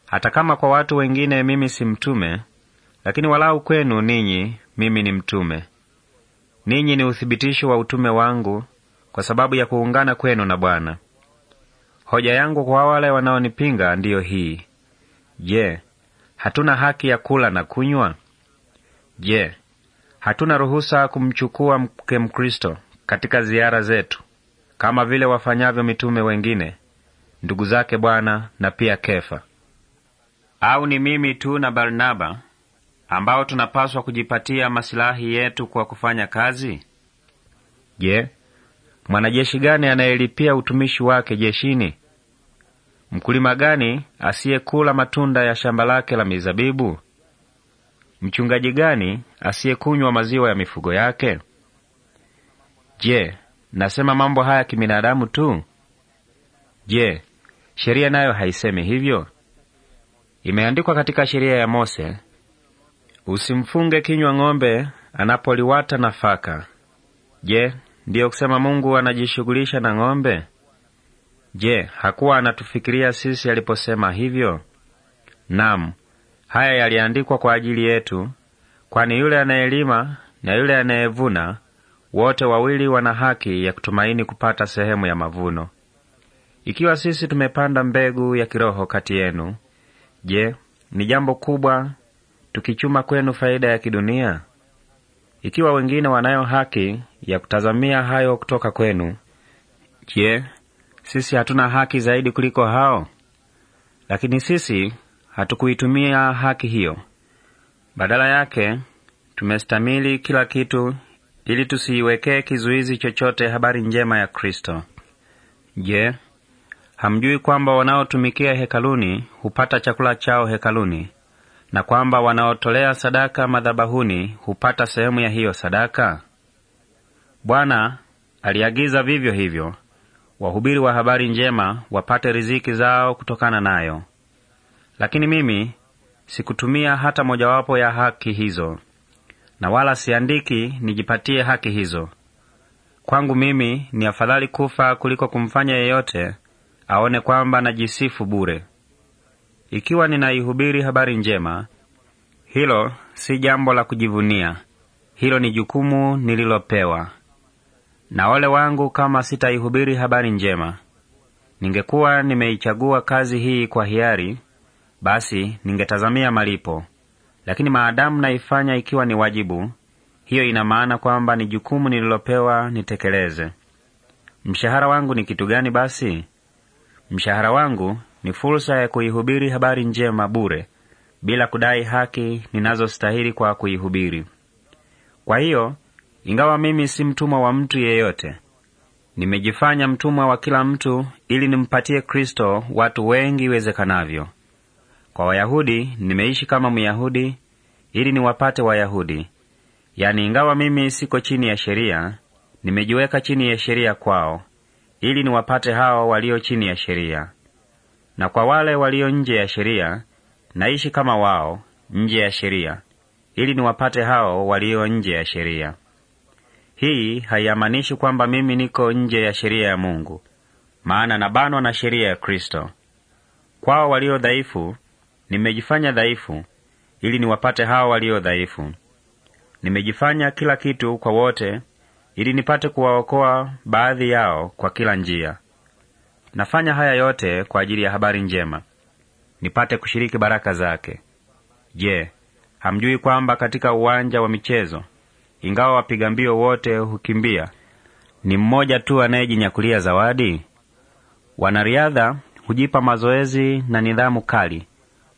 Hata kama kwa watu wengine mimi si mtume, lakini walau kwenu ninyi mimi ni mtume. Ninyi ni uthibitisho wa utume wangu kwa sababu ya kuungana kwenu na Bwana. Hoja yangu kwa wale wanaonipinga ndiyo hii: Je, hatuna haki ya kula na kunywa? Je, hatuna ruhusa kumchukua mke Mkristo katika ziara zetu kama vile wafanyavyo mitume wengine, ndugu zake Bwana na pia Kefa. Au ni mimi tu na Barnaba ambao tunapaswa kujipatia masilahi yetu kwa kufanya kazi? Je, mwanajeshi gani anayelipia utumishi wake jeshini? Mkulima gani asiyekula matunda ya shamba lake la mizabibu? Mchungaji gani asiyekunywa maziwa ya mifugo yake? Je, Nasema mambo haya kibinadamu tu? Je, sheria nayo haisemi hivyo? Imeandikwa katika sheria ya Mose, usimfunge kinywa ng'ombe anapoliwata nafaka. Je, ndiyo kusema Mungu anajishughulisha na ng'ombe? Je, hakuwa anatufikiria sisi aliposema hivyo? Nam, haya yaliandikwa kwa ajili yetu, kwani yule anayelima na yule anayevuna wote wawili wana haki ya kutumaini kupata sehemu ya mavuno. Ikiwa sisi tumepanda mbegu ya kiroho kati yenu, je, ni jambo kubwa tukichuma kwenu faida ya kidunia? Ikiwa wengine wanayo haki ya kutazamia hayo kutoka kwenu, je, sisi hatuna haki zaidi kuliko hao? Lakini sisi hatukuitumia haki hiyo. Badala yake tumestamili kila kitu ili tusiiwekee kizuizi chochote habari njema ya Kristo. Je, hamjui kwamba wanaotumikia hekaluni hupata chakula chao hekaluni na kwamba wanaotolea sadaka madhabahuni hupata sehemu ya hiyo sadaka? Bwana aliagiza vivyo hivyo wahubiri wa habari njema wapate riziki zao kutokana nayo. Lakini mimi sikutumia hata mojawapo ya haki hizo na wala siandiki nijipatie haki hizo. Kwangu mimi ni afadhali kufa kuliko kumfanya yeyote aone kwamba najisifu bure. Ikiwa ninaihubiri habari njema, hilo si jambo la kujivunia, hilo ni jukumu nililopewa. Na ole wangu kama sitaihubiri habari njema. Ningekuwa nimeichagua kazi hii kwa hiari, basi ningetazamia malipo. Lakini maadamu naifanya ikiwa ni wajibu, hiyo ina maana kwamba ni jukumu nililopewa nitekeleze. Mshahara wangu ni kitu gani basi? Mshahara wangu ni fursa ya kuihubiri habari njema bure, bila kudai haki ninazostahili kwa kuihubiri. Kwa hiyo, ingawa mimi si mtumwa wa mtu yeyote, nimejifanya mtumwa wa kila mtu ili nimpatie Kristo watu wengi iwezekanavyo. Kwa Wayahudi nimeishi kama Myahudi ili niwapate Wayahudi, yani ingawa mimi siko chini ya sheria, nimejiweka chini ya sheria kwao ili niwapate hao walio chini ya sheria. Na kwa wale walio nje ya sheria naishi kama wao nje ya sheria, ili niwapate hao walio nje ya sheria. Hii haiamanishi kwamba mimi niko nje ya sheria ya Mungu, maana nabanwa na sheria ya Kristo. Kwao walio dhaifu Nimejifanya dhaifu ili niwapate hao walio dhaifu. Nimejifanya kila kitu kwa wote ili nipate kuwaokoa baadhi yao kwa kila njia. Nafanya haya yote kwa ajili ya habari njema, nipate kushiriki baraka zake. Je, hamjui kwamba katika uwanja wa michezo, ingawa wapiga mbio wote hukimbia, ni mmoja tu anayejinyakulia zawadi? Wanariadha hujipa mazoezi na nidhamu kali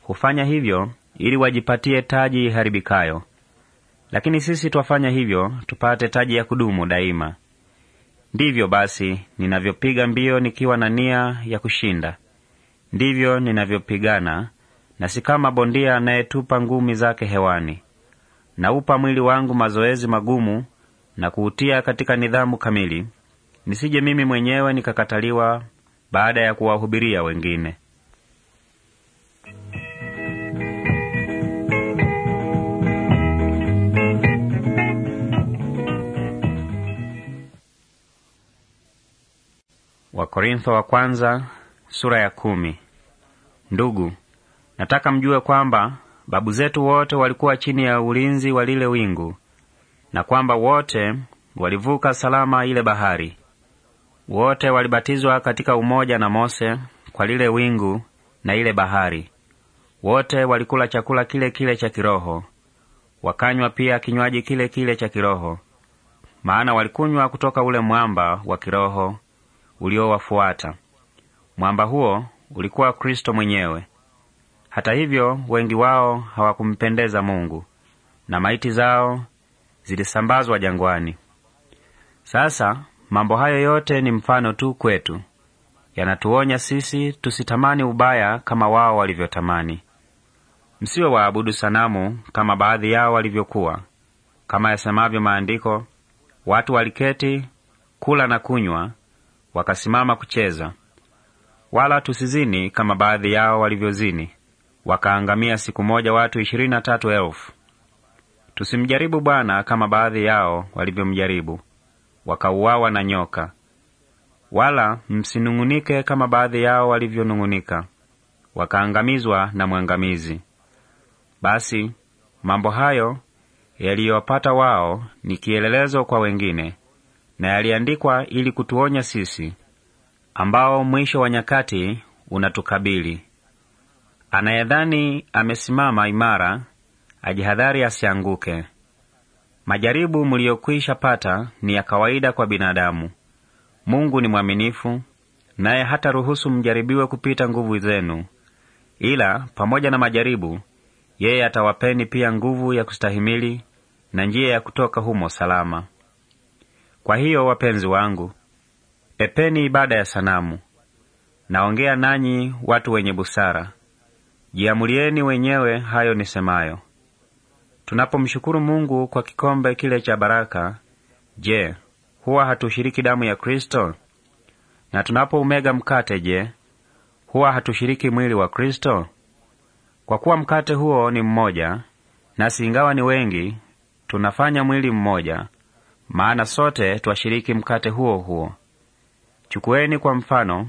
Hufanya hivyo ili wajipatie taji iharibikayo, lakini sisi twafanya hivyo tupate taji ya kudumu daima. Ndivyo basi ninavyopiga mbio nikiwa na nia ya kushinda, ndivyo ninavyopigana, na si kama bondia anayetupa ngumi zake hewani. Naupa mwili wangu mazoezi magumu na kuutia katika nidhamu kamili, nisije mimi mwenyewe nikakataliwa baada ya kuwahubiria wengine. Wakorintho wa kwanza, sura ya kumi. Ndugu, nataka mjue kwamba babu zetu wote walikuwa chini ya ulinzi wa lile wingu na kwamba wote walivuka salama ile bahari. Wote walibatizwa katika umoja na Mose kwa lile wingu na ile bahari. Wote walikula chakula kile kile cha kiroho, wakanywa pia kinywaji kile kile cha kiroho, maana walikunywa kutoka ule mwamba wa kiroho uliowafuata. Mwamba huo ulikuwa Kristo mwenyewe. Hata hivyo, wengi wao hawakumpendeza Mungu na maiti zao zilisambazwa jangwani. Sasa mambo hayo yote ni mfano tu kwetu, yanatuonya sisi tusitamani ubaya kama wao walivyotamani. Msiwe waabudu sanamu kama baadhi yao walivyokuwa. Kama yasemavyo Maandiko, watu waliketi kula na kunywa wakasimama kucheza. Wala tusizini kama baadhi yao walivyozini, wakaangamia siku moja watu ishirini na tatu elfu. Tusimjaribu Bwana kama baadhi yao walivyomjaribu, wakauawa na nyoka. Wala msinung'unike kama baadhi yao walivyonung'unika, wakaangamizwa na mwangamizi. Basi mambo hayo yaliyowapata wao ni kielelezo kwa wengine na yaliandikwa ili kutuonya sisi ambao mwisho wa nyakati unatukabili. Anayedhani amesimama imara ajihadhari asianguke. Majaribu mliyokwisha pata ni ya kawaida kwa binadamu. Mungu ni mwaminifu, naye hata ruhusu mjaribiwe kupita nguvu zenu, ila pamoja na majaribu, yeye atawapeni pia nguvu ya kustahimili na njia ya kutoka humo salama. Kwa hiyo wapenzi wangu, epeni ibada ya sanamu. Naongea nanyi watu wenye busara, jiamulieni wenyewe hayo nisemayo. Tunapomshukuru Mungu kwa kikombe kile cha baraka, je, huwa hatushiriki damu ya Kristo? Na tunapoumega mkate, je, huwa hatushiriki mwili wa Kristo? Kwa kuwa mkate huo ni mmoja, nasi ingawa ni wengi, tunafanya mwili mmoja maana sote twashiriki mkate huo huo. Chukueni kwa mfano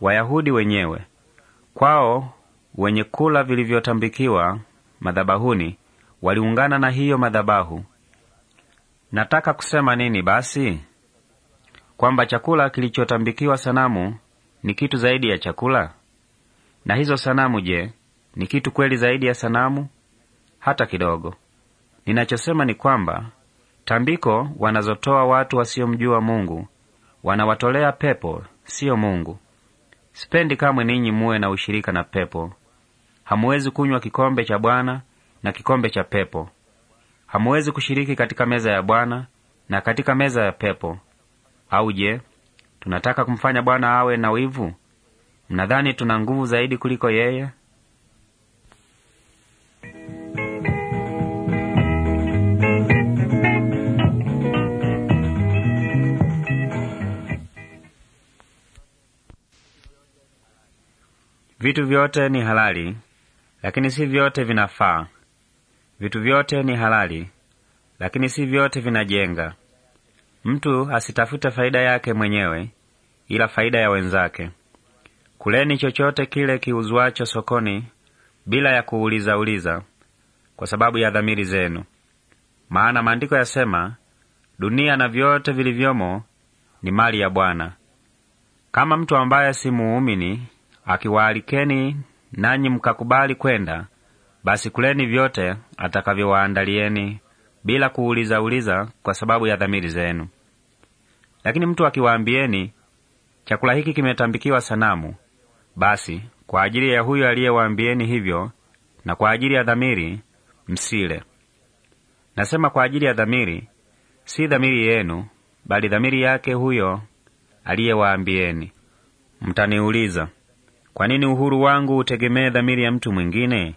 Wayahudi wenyewe. Kwao wenye kula vilivyotambikiwa madhabahuni waliungana na hiyo madhabahu. Nataka kusema nini basi? Kwamba chakula kilichotambikiwa sanamu ni kitu zaidi ya chakula? Na hizo sanamu je, ni kitu kweli zaidi ya sanamu? Hata kidogo. Ninachosema ni kwamba Tambiko wanazotoa watu wasiomjua Mungu wanawatolea pepo, siyo Mungu. Sipendi kamwe ninyi muwe na ushirika na pepo. Hamuwezi kunywa kikombe cha Bwana na kikombe cha pepo. Hamuwezi kushiriki katika meza ya Bwana na katika meza ya pepo. Au je, tunataka kumfanya Bwana awe na wivu? Mnadhani tuna nguvu zaidi kuliko yeye? Vitu vyote ni halali, lakini si vyote vinafaa. Vitu vyote ni halali, lakini si vyote vinajenga. Mtu asitafute faida yake mwenyewe, ila faida ya wenzake. Kuleni chochote kile kiuzwacho sokoni bila ya kuuliza uliza, kwa sababu ya dhamiri zenu, maana maandiko yasema, dunia na vyote vilivyomo ni mali ya Bwana. Kama mtu ambaye si muumini akiwaalikeni nanyi mkakubali kwenda, basi kuleni vyote atakavyowaandalieni bila kuulizauliza kwa sababu ya dhamiri zenu. Lakini mtu akiwaambieni, chakula hiki kimetambikiwa sanamu, basi kwa ajili ya huyo aliyewaambieni hivyo na kwa ajili ya dhamiri msile. Nasema kwa ajili ya dhamiri, si dhamiri yenu, bali dhamiri yake huyo aliyewaambieni. Mtaniuliza, kwa nini uhuru wangu utegemee dhamiri ya mtu mwingine?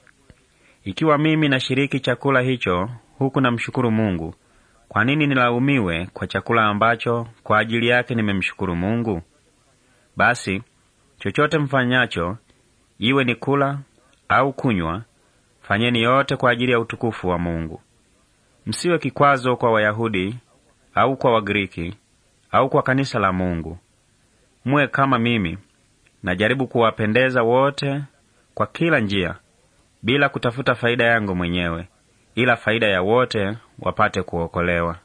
Ikiwa mimi nashiriki chakula hicho huku namshukuru Mungu, kwa nini nilaumiwe kwa chakula ambacho kwa ajili yake nimemshukuru Mungu? Basi chochote mfanyacho, iwe ni kula au kunywa, fanyeni yote kwa ajili ya utukufu wa Mungu. Msiwe kikwazo kwa Wayahudi au kwa Wagiriki au kwa kanisa la Mungu. Muwe kama mimi Najaribu kuwapendeza wote kwa kila njia, bila kutafuta faida yangu mwenyewe, ila faida ya wote wapate kuokolewa.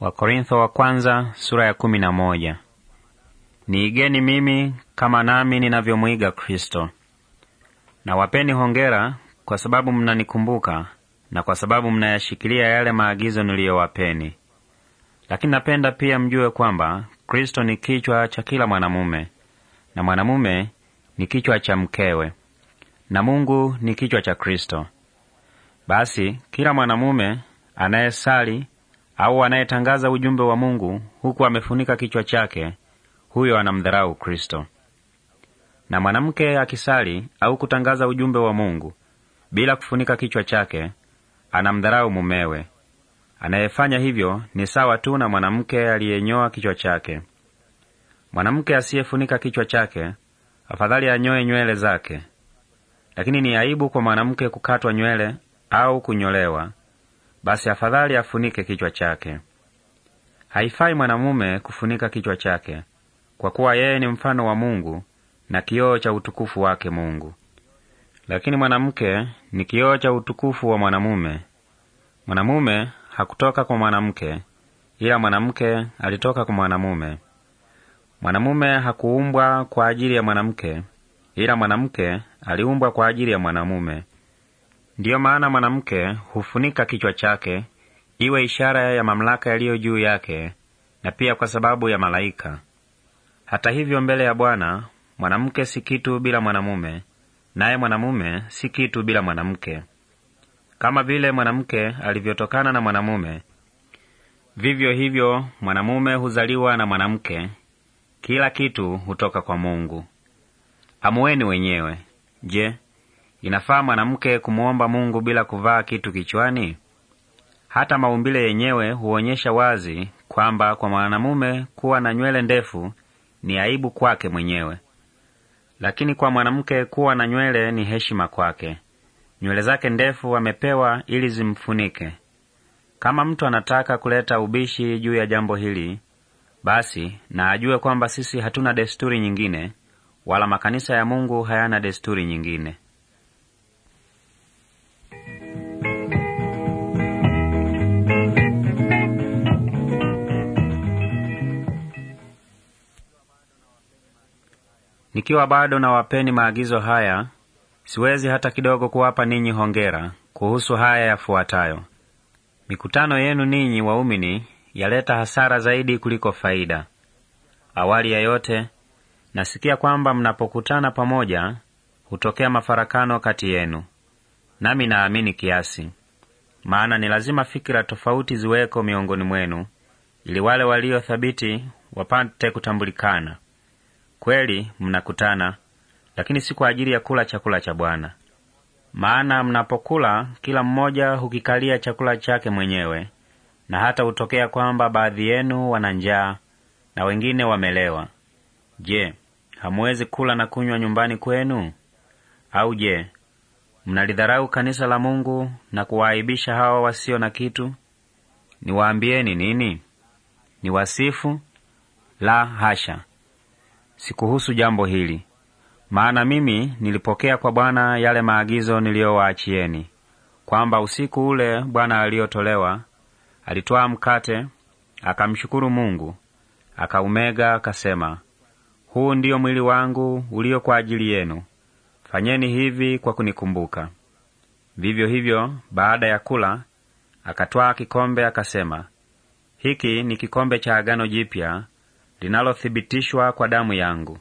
Wakorintho wa kwanza, sura ya kumi na moja. Niigeni mimi kama nami ninavyomwiga Kristo nawapeni hongera kwa sababu mnanikumbuka na kwa sababu mnayashikilia yale maagizo niliyowapeni. Lakini napenda pia mjue kwamba Kristo ni kichwa cha kila mwanamume na mwanamume ni kichwa cha mkewe na Mungu ni kichwa cha Kristo. Basi kila mwanamume anayesali au anayetangaza ujumbe wa Mungu huku amefunika kichwa chake, huyo anamdharau Kristo na mwanamke akisali au kutangaza ujumbe wa Mungu bila kufunika kichwa chake anamdharau mumewe. Anayefanya hivyo ni sawa tu na mwanamke aliyenyoa kichwa chake. Mwanamke asiyefunika kichwa chake afadhali anyoe nywele zake. Lakini ni aibu kwa mwanamke kukatwa nywele au kunyolewa, basi afadhali afunike kichwa chake. Haifai mwanamume kufunika kichwa chake, kwa kuwa yeye ni mfano wa Mungu na kioo cha utukufu wake Mungu. Lakini mwanamke ni kioo cha utukufu wa mwanamume. Mwanamume hakutoka kwa mwanamke, ila mwanamke alitoka kwa mwanamume. Mwanamume hakuumbwa kwa ajili ya mwanamke, ila mwanamke aliumbwa kwa ajili ya mwanamume. Ndiyo maana mwanamke hufunika kichwa chake, iwe ishara ya mamlaka yaliyo juu yake, na pia kwa sababu ya malaika. Hata hivyo, mbele ya Bwana Mwanamke si kitu bila mwanamume, naye mwanamume si kitu bila mwanamke. Kama vile mwanamke alivyotokana na mwanamume, vivyo hivyo mwanamume huzaliwa na mwanamke. Kila kitu hutoka kwa Mungu. Amueni wenyewe. Je, inafaa mwanamke kumwomba Mungu bila kuvaa kitu kichwani? Hata maumbile yenyewe huonyesha wazi kwamba kwa mwanamume kuwa na nywele ndefu ni aibu kwake mwenyewe. Lakini kwa mwanamke kuwa na nywele ni heshima kwake. Nywele zake ndefu amepewa ili zimfunike. Kama mtu anataka kuleta ubishi juu ya jambo hili, basi na ajue kwamba sisi hatuna desturi nyingine, wala makanisa ya Mungu hayana desturi nyingine. Nikiwa bado nawapeni maagizo haya, siwezi hata kidogo kuwapa ninyi hongera kuhusu haya yafuatayo. Mikutano yenu ninyi waumini yaleta hasara zaidi kuliko faida. Awali ya yote, nasikia kwamba mnapokutana pamoja hutokea mafarakano kati yenu, nami naamini kiasi, maana ni lazima fikira tofauti ziweko miongoni mwenu, ili wale walio thabiti wapate kutambulikana. Kweli mnakutana, lakini si kwa ajili ya kula chakula cha Bwana. Maana mnapokula, kila mmoja hukikalia chakula chake mwenyewe, na hata hutokea kwamba baadhi yenu wana njaa na wengine wamelewa. Je, hamuwezi kula na kunywa nyumbani kwenu? Au je, mnalidharau kanisa la Mungu na kuwaaibisha hawa wasio na kitu? Niwaambieni nini? ni wasifu La hasha! sikuhusu jambo hili, maana mimi nilipokea kwa Bwana yale maagizo niliyowaachieni, kwamba usiku ule Bwana aliyotolewa alitwaa mkate, akamshukuru Mungu, akaumega, akasema, huu ndiyo mwili wangu ulio kwa ajili yenu, fanyeni hivi kwa kunikumbuka. Vivyo hivyo, baada ya kula, akatwaa kikombe, akasema, hiki ni kikombe cha agano jipya linalothibitishwa kwa damu yangu.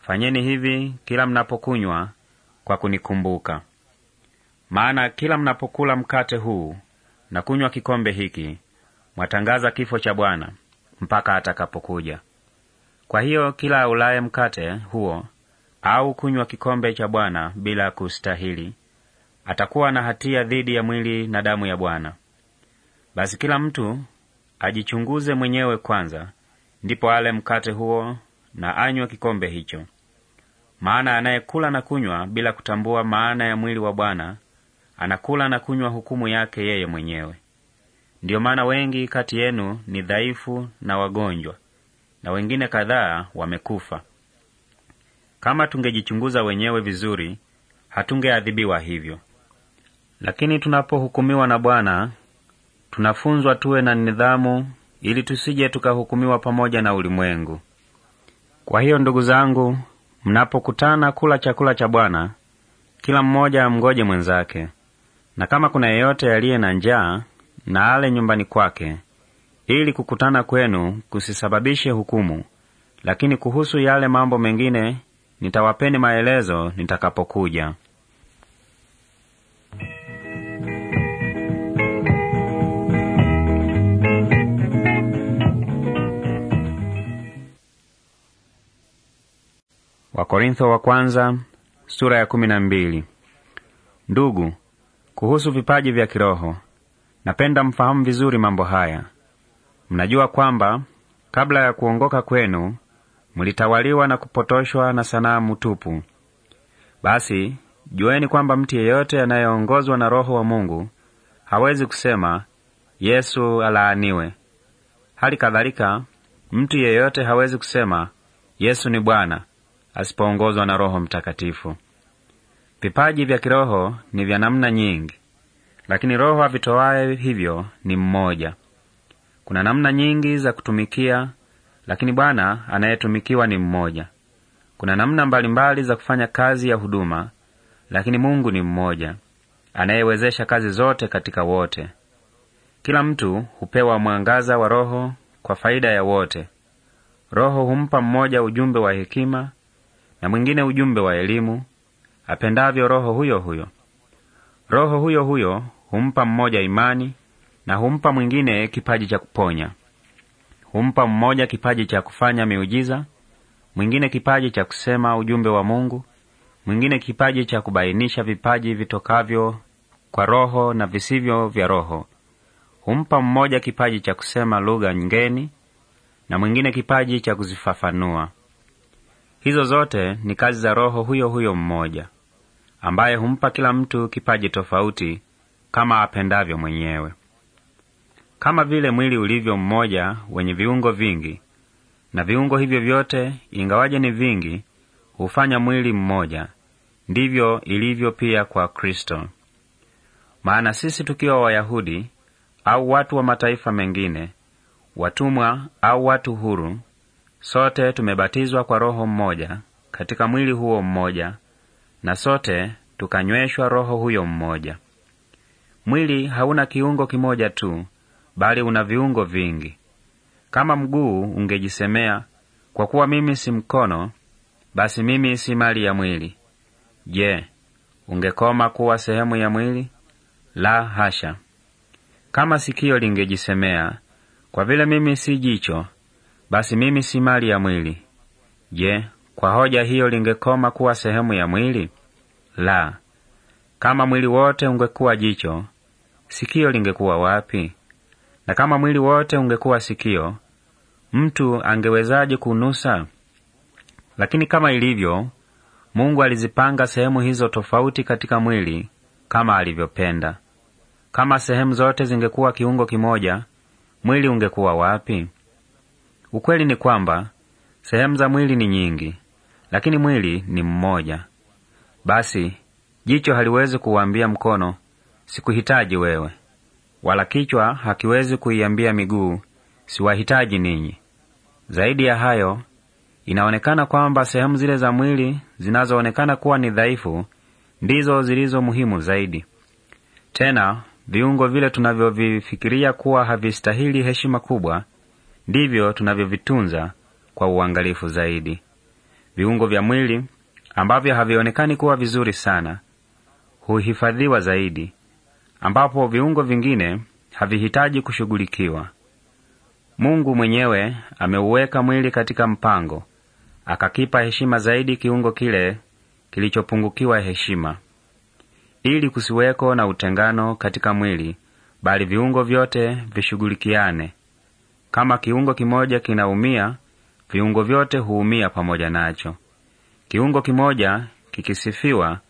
Fanyeni hivi kila mnapokunywa kwa kunikumbuka. Maana kila mnapokula mkate huu na kunywa kikombe hiki, mwatangaza kifo cha Bwana mpaka atakapokuja. Kwa hiyo kila aulaye mkate huo au kunywa kikombe cha Bwana bila kustahili, atakuwa na hatia dhidi ya mwili na damu ya Bwana. Basi kila mtu ajichunguze mwenyewe kwanza, ndipo ale mkate huo na anywe kikombe hicho. Maana anayekula na kunywa bila kutambua maana ya mwili wa Bwana anakula na kunywa hukumu yake yeye mwenyewe. Ndiyo maana wengi kati yenu ni dhaifu na wagonjwa, na wengine kadhaa wamekufa. Kama tungejichunguza wenyewe vizuri, hatungeadhibiwa hivyo. Lakini tunapohukumiwa na Bwana tunafunzwa tuwe na nidhamu ili tusije tukahukumiwa pamoja na ulimwengu. Kwa hiyo ndugu zangu, mnapokutana kula chakula cha Bwana, kila mmoja amngoje mwenzake. Na kama kuna yeyote aliye na njaa, na ale nyumbani kwake, ili kukutana kwenu kusisababishe hukumu. Lakini kuhusu yale mambo mengine nitawapeni maelezo nitakapokuja. Wakorintho wa kwanza, sura ya kumi na mbili. Ndugu, kuhusu vipaji vya kiroho napenda mfahamu vizuri mambo haya. Mnajua kwamba kabla ya kuongoka kwenu mlitawaliwa na kupotoshwa na sanamu tupu. Basi jueni kwamba mtu yeyote anayeongozwa na Roho wa Mungu hawezi kusema Yesu alaaniwe. Hali kadhalika mtu yeyote hawezi kusema Yesu ni Bwana asipoongozwa na Roho Mtakatifu. Vipaji vya kiroho ni vya namna nyingi, lakini Roho avitoaye hivyo ni mmoja. Kuna namna nyingi za kutumikia, lakini Bwana anayetumikiwa ni mmoja. Kuna namna mbalimbali za kufanya kazi ya huduma, lakini Mungu ni mmoja anayewezesha kazi zote katika wote. Kila mtu hupewa mwangaza wa Roho kwa faida ya wote. Roho humpa mmoja ujumbe wa hekima, na mwingine ujumbe wa elimu, apendavyo Roho huyo huyo. Roho huyo huyo humpa mmoja imani na humpa mwingine kipaji cha kuponya, humpa mmoja kipaji cha kufanya miujiza, mwingine kipaji cha kusema ujumbe wa Mungu, mwingine kipaji cha kubainisha vipaji vitokavyo kwa Roho na visivyo vya Roho. Humpa mmoja kipaji cha kusema lugha nyingeni na mwingine kipaji cha kuzifafanua. Hizo zote ni kazi za Roho huyo huyo mmoja, ambaye humpa kila mtu kipaji tofauti kama apendavyo mwenyewe. Kama vile mwili ulivyo mmoja wenye viungo vingi, na viungo hivyo vyote, ingawaje ni vingi, hufanya mwili mmoja, ndivyo ilivyo pia kwa Kristo. Maana sisi tukiwa Wayahudi au watu wa mataifa mengine, watumwa au watu huru, Sote tumebatizwa kwa Roho mmoja katika mwili huo mmoja, na sote tukanyweshwa Roho huyo mmoja. Mwili hauna kiungo kimoja tu, bali una viungo vingi. Kama mguu ungejisemea, kwa kuwa mimi si mkono, basi mimi si mali ya mwili, je, ungekoma kuwa sehemu ya mwili? La hasha! Kama sikio lingejisemea, kwa vile mimi si jicho, basi mimi si mali ya mwili. Je, kwa hoja hiyo lingekoma kuwa sehemu ya mwili? La. Kama mwili wote ungekuwa jicho, sikio lingekuwa wapi? Na kama mwili wote ungekuwa sikio, mtu angewezaje kunusa? Lakini kama ilivyo, Mungu alizipanga sehemu hizo tofauti katika mwili kama alivyopenda. Kama sehemu zote zingekuwa kiungo kimoja, mwili ungekuwa wapi? Ukweli ni kwamba sehemu za mwili ni nyingi, lakini mwili ni mmoja. Basi jicho haliwezi kuuambia mkono, sikuhitaji wewe, wala kichwa hakiwezi kuiambia miguu, siwahitaji ninyi. Zaidi ya hayo, inaonekana kwamba sehemu zile za mwili zinazoonekana kuwa ni dhaifu ndizo zilizo muhimu zaidi. Tena viungo vile tunavyovifikiria kuwa havistahili heshima kubwa ndivyo tunavyovitunza kwa uangalifu zaidi. Viungo vya mwili ambavyo havionekani kuwa vizuri sana huhifadhiwa zaidi, ambapo viungo vingine havihitaji kushughulikiwa. Mungu mwenyewe ameuweka mwili katika mpango, akakipa heshima zaidi kiungo kile kilichopungukiwa heshima, ili kusiweko na utengano katika mwili, bali viungo vyote vishughulikiane kama kiungo kimoja kinaumia, viungo vyote huumia pamoja nacho. Kiungo kimoja kikisifiwa,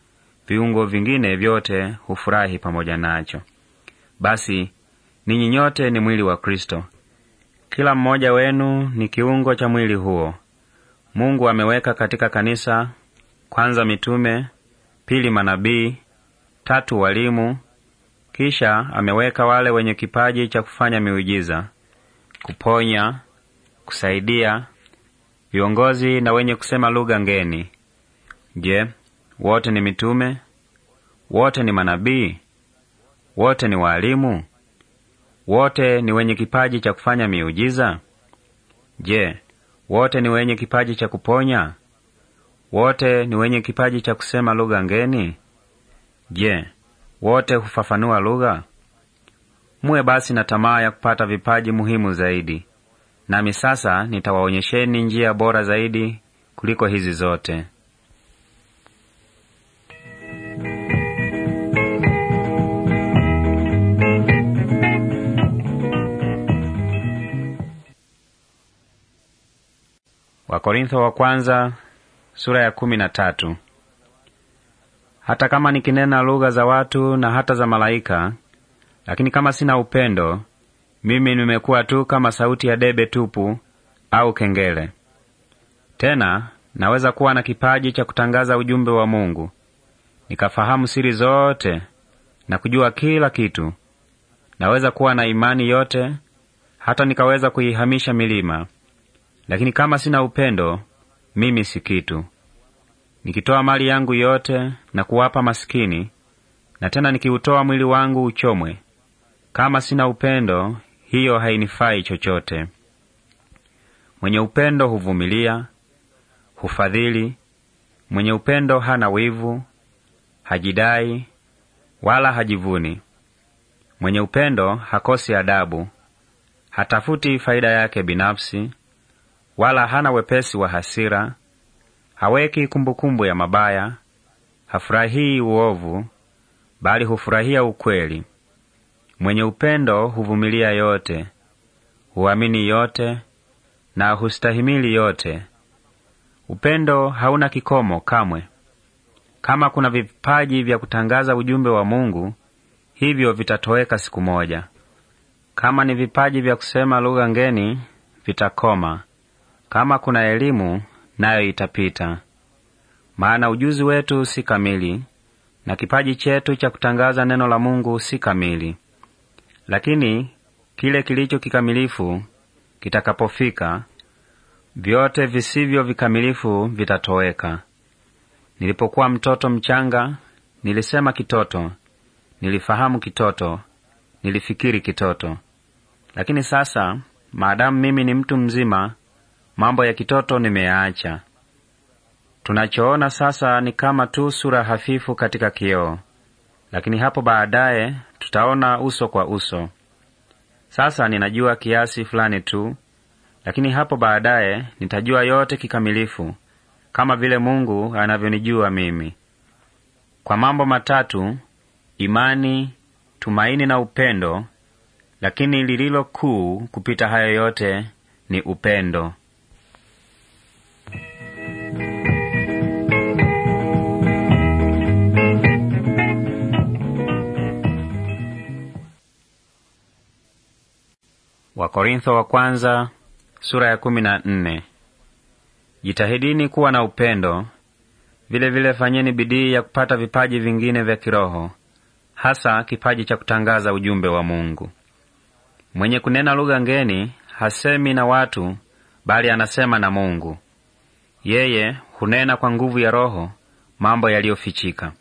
viungo vingine vyote hufurahi pamoja nacho. Basi ninyi nyote ni mwili wa Kristo, kila mmoja wenu ni kiungo cha mwili huo. Mungu ameweka katika kanisa kwanza mitume, pili manabii, tatu walimu, kisha ameweka wale wenye kipaji cha kufanya miujiza, kuponya, kusaidia viongozi na wenye kusema lugha ngeni. Je, wote ni mitume? Wote ni manabii? Wote ni waalimu? Wote ni wenye kipaji cha kufanya miujiza? Je, wote ni wenye kipaji cha kuponya? Wote ni wenye kipaji cha kusema lugha ngeni? Je, wote hufafanua lugha? muwe basi na tamaa ya kupata vipaji muhimu zaidi. Nami sasa nitawaonyesheni njia bora zaidi kuliko hizi zote. Wakorintho wa kwanza, sura ya kumi na tatu. Hata kama nikinena lugha za watu na hata za malaika lakini kama sina upendo, mimi nimekuwa tu kama sauti ya debe tupu au kengele. Tena naweza kuwa na kipaji cha kutangaza ujumbe wa Mungu, nikafahamu siri zote na kujua kila kitu. Naweza kuwa na imani yote, hata nikaweza kuihamisha milima, lakini kama sina upendo, mimi si kitu. Nikitoa mali yangu yote na kuwapa masikini, na tena nikiutoa mwili wangu uchomwe, kama sina upendo, hiyo hainifai chochote. Mwenye upendo huvumilia, hufadhili. Mwenye upendo hana wivu, hajidai wala hajivuni. Mwenye upendo hakosi adabu, hatafuti faida yake binafsi, wala hana wepesi wa hasira. Haweki kumbukumbu ya mabaya, hafurahii uovu, bali hufurahia ukweli. Mwenye upendo huvumilia yote, huamini yote na hustahimili yote. Upendo hauna kikomo kamwe. Kama kuna vipaji vya kutangaza ujumbe wa Mungu, hivyo vitatoweka siku moja. Kama ni vipaji vya kusema lugha ngeni, vitakoma. Kama kuna elimu, nayo itapita. Maana ujuzi wetu si kamili, na kipaji chetu cha kutangaza neno la Mungu si kamili. Lakini kile kilicho kikamilifu kitakapofika, vyote visivyo vikamilifu vitatoweka. Nilipokuwa mtoto mchanga, nilisema kitoto, nilifahamu kitoto, nilifikiri kitoto. Lakini sasa, maadamu mimi ni mtu mzima, mambo ya kitoto nimeyaacha. Tunachoona sasa ni kama tu sura hafifu katika kioo, lakini hapo baadaye tutaona uso kwa uso. Sasa ninajua kiasi fulani tu, lakini hapo baadaye nitajua yote kikamilifu, kama vile Mungu anavyonijua mimi. Kwa mambo matatu, imani, tumaini na upendo, lakini lililo kuu kupita hayo yote ni upendo. Wakorintho wa kwanza, sura ya kumi na nne. Jitahidini kuwa na upendo, vile vile fanyeni bidii ya kupata vipaji vingine vya kiroho, hasa kipaji cha kutangaza ujumbe wa Mungu. Mwenye kunena lugha ngeni hasemi na watu, bali anasema na Mungu. Yeye hunena kwa nguvu ya Roho mambo yaliyofichika.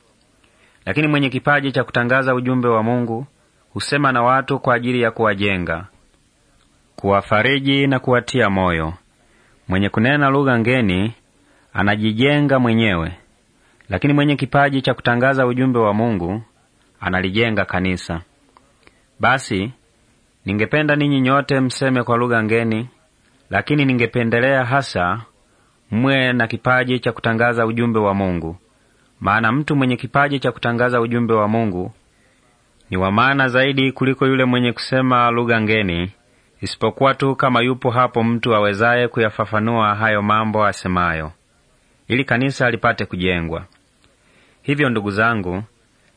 Lakini mwenye kipaji cha kutangaza ujumbe wa Mungu husema na watu kwa ajili ya kuwajenga kuwafariji na kuwatia moyo. Mwenye kunena lugha ngeni anajijenga mwenyewe, lakini mwenye kipaji cha kutangaza ujumbe wa Mungu analijenga kanisa. Basi ningependa ninyi nyote mseme kwa lugha ngeni, lakini ningependelea hasa mwe na kipaji cha kutangaza ujumbe wa Mungu. Maana mtu mwenye kipaji cha kutangaza ujumbe wa Mungu ni wa maana zaidi kuliko yule mwenye kusema lugha ngeni, isipokuwa tu kama yupo hapo mtu awezaye kuyafafanua hayo mambo asemayo, ili kanisa lipate kujengwa. Hivyo ndugu zangu,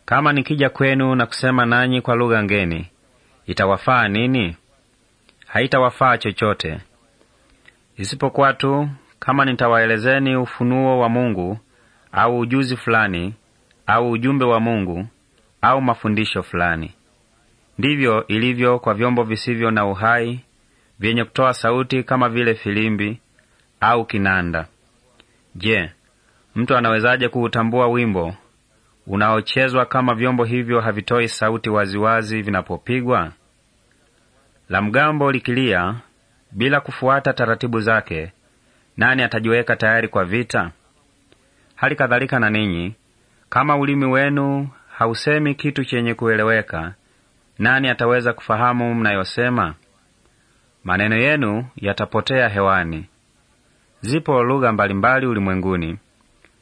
kama nikija kwenu na kusema nanyi kwa lugha ngeni, itawafaa nini? Haitawafaa chochote, isipokuwa tu kama nitawaelezeni ufunuo wa Mungu au ujuzi fulani au ujumbe wa Mungu au mafundisho fulani. Ndivyo ilivyo kwa vyombo visivyo na uhai vyenye kutoa sauti kama vile filimbi au kinanda. Je, mtu anawezaje kuutambua wimbo unaochezwa kama vyombo hivyo havitoi sauti waziwazi vinapopigwa? La mgambo likilia bila kufuata taratibu zake, nani atajiweka tayari kwa vita? Hali kadhalika na ninyi, kama ulimi wenu hausemi kitu chenye kueleweka nani ataweza kufahamu mnayosema? Maneno yenu yatapotea hewani. Zipo lugha mbalimbali ulimwenguni,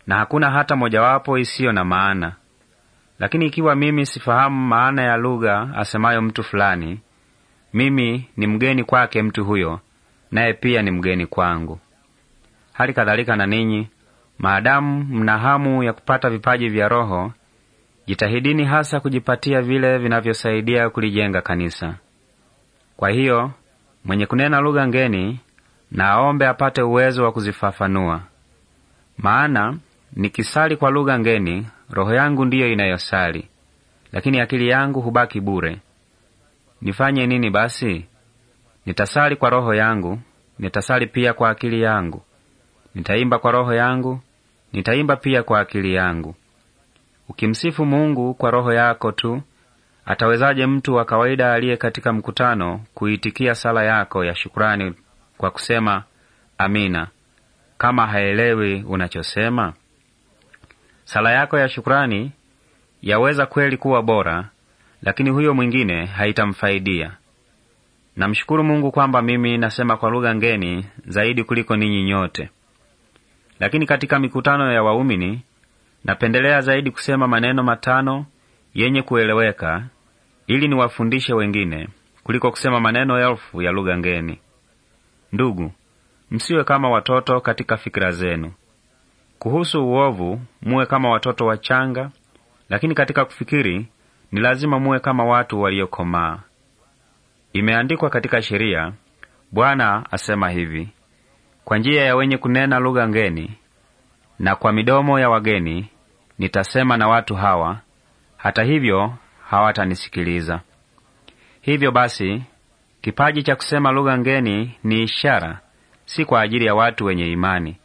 na hakuna hata mojawapo isiyo na maana. Lakini ikiwa mimi sifahamu maana ya lugha asemayo mtu fulani, mimi ni mgeni kwake mtu huyo, naye pia ni mgeni kwangu. Hali kadhalika na ninyi, maadamu mna hamu ya kupata vipaji vya Roho, Jitahidini hasa kujipatia vile vinavyosaidia kulijenga kanisa. Kwa hiyo mwenye kunena lugha ngeni na aombe apate uwezo wa kuzifafanua, maana nikisali kwa lugha ngeni, roho yangu ndiyo inayosali, lakini akili yangu hubaki bure. Nifanye nini basi? Nitasali kwa roho yangu, nitasali pia kwa akili yangu. Nitaimba kwa roho yangu, nitaimba pia kwa akili yangu. Ukimsifu Mungu kwa roho yako tu, atawezaje mtu wa kawaida aliye katika mkutano kuitikia sala yako ya shukurani kwa kusema amina kama haelewi unachosema? Sala yako ya shukurani yaweza kweli kuwa bora, lakini huyo mwingine haitamfaidia. Namshukuru Mungu kwamba mimi nasema kwa lugha ngeni zaidi kuliko ninyi nyote, lakini katika mikutano ya waumini Napendelea zaidi kusema maneno matano yenye kueleweka ili niwafundishe wengine kuliko kusema maneno elfu ya lugha ngeni. Ndugu, msiwe kama watoto katika fikira zenu. Kuhusu uovu, muwe kama watoto wachanga, lakini katika kufikiri ni lazima muwe kama watu waliokomaa. Imeandikwa katika sheria, Bwana asema hivi: kwa njia ya wenye kunena lugha ngeni na kwa midomo ya wageni nitasema na watu hawa, hata hivyo hawatanisikiliza. Hivyo basi, kipaji cha kusema lugha ngeni ni ishara, si kwa ajili ya watu wenye imani,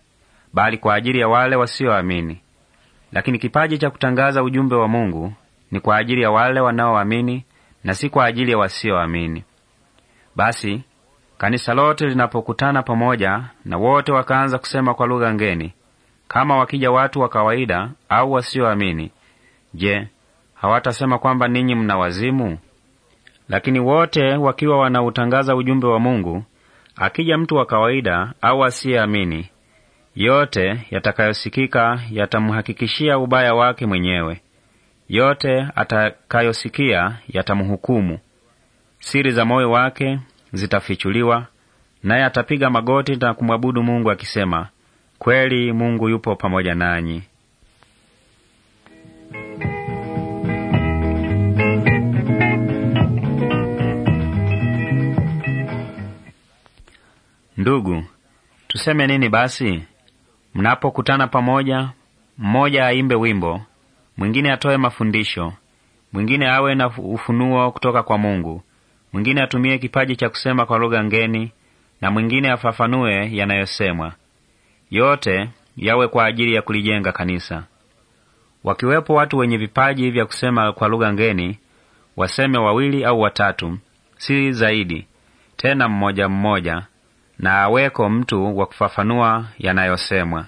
bali kwa ajili ya wale wasioamini. Lakini kipaji cha kutangaza ujumbe wa Mungu ni kwa ajili ya wale wanaoamini na si kwa ajili ya wasioamini. Basi kanisa lote linapokutana pamoja na wote wakaanza kusema kwa lugha ngeni, kama wakija watu wa kawaida au wasioamini, je, hawatasema kwamba ninyi mna wazimu? Lakini wote wakiwa wanautangaza ujumbe wa Mungu, akija mtu wa kawaida au asiyeamini, yote yatakayosikika yatamhakikishia ubaya wake mwenyewe, yote atakayosikia yatamhukumu. Siri za moyo wake zitafichuliwa, naye atapiga magoti na kumwabudu Mungu akisema Kweli Mungu yupo pamoja nanyi. Ndugu, tuseme nini basi? Mnapokutana pamoja, mmoja aimbe wimbo, mwingine atoe mafundisho, mwingine awe na ufunuo kutoka kwa Mungu, mwingine atumie kipaji cha kusema kwa lugha ngeni, na mwingine afafanue yanayosemwa yote yawe kwa ajili ya kulijenga kanisa, wakiwepo watu wenye vipaji vya kusema kwa lugha ngeni, waseme wawili au watatu, si zaidi, tena mmoja mmoja, na aweko mtu wa kufafanua yanayosemwa.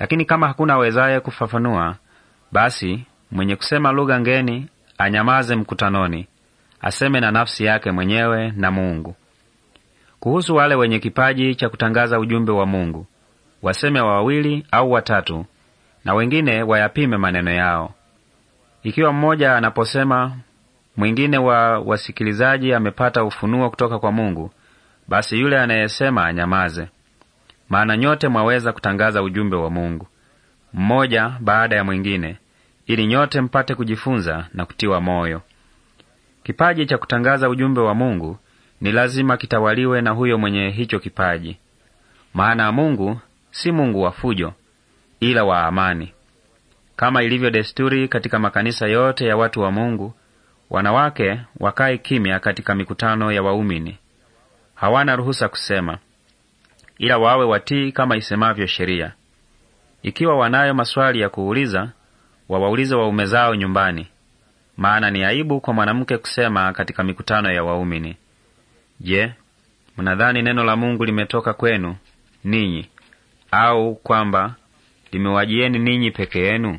Lakini kama hakuna awezaye kufafanua, basi mwenye kusema lugha ngeni anyamaze mkutanoni, aseme na nafsi yake mwenyewe na Mungu. Kuhusu wale wenye kipaji cha kutangaza ujumbe wa Mungu, waseme wawili au watatu, na wengine wayapime maneno yao. Ikiwa mmoja anaposema mwingine wa wasikilizaji amepata ufunuo kutoka kwa Mungu, basi yule anayesema anyamaze, maana nyote mwaweza kutangaza ujumbe wa Mungu mmoja baada ya mwingine, ili nyote mpate kujifunza na kutiwa moyo. Kipaji cha kutangaza ujumbe wa Mungu ni lazima kitawaliwe na huyo mwenye hicho kipaji, maana Mungu si Mungu wa fujo, ila wa amani. Kama ilivyo desturi katika makanisa yote ya watu wa Mungu, wanawake wakae kimya katika mikutano ya waumini. Hawana ruhusa kusema, ila wawe watii kama isemavyo sheria. Ikiwa wanayo maswali ya kuuliza, wawaulize waume zao nyumbani, maana ni aibu kwa mwanamke kusema katika mikutano ya waumini. Je, mnadhani neno la Mungu limetoka kwenu ninyi au kwamba limewajieni ninyi peke yenu?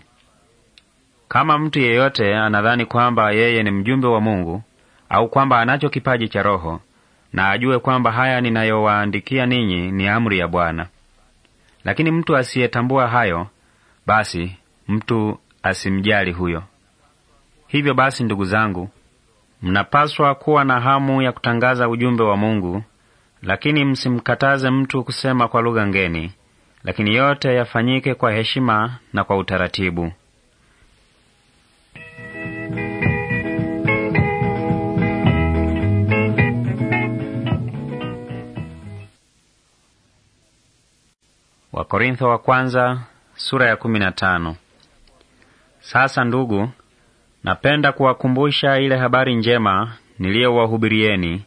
Kama mtu yeyote anadhani kwamba yeye ni mjumbe wa Mungu au kwamba anacho kipaji cha Roho, na ajue kwamba haya ninayowaandikia ninyi ni amri ya Bwana. Lakini mtu asiyetambua hayo, basi mtu asimjali huyo. Hivyo basi, ndugu zangu, mnapaswa kuwa na hamu ya kutangaza ujumbe wa Mungu, lakini msimkataze mtu kusema kwa lugha ngeni lakini yote yafanyike kwa heshima na kwa utaratibu. Wakorintho wa kwanza, sura ya kumi na tano. Sasa ndugu, napenda kuwakumbusha ile habari njema niliyowahubirieni,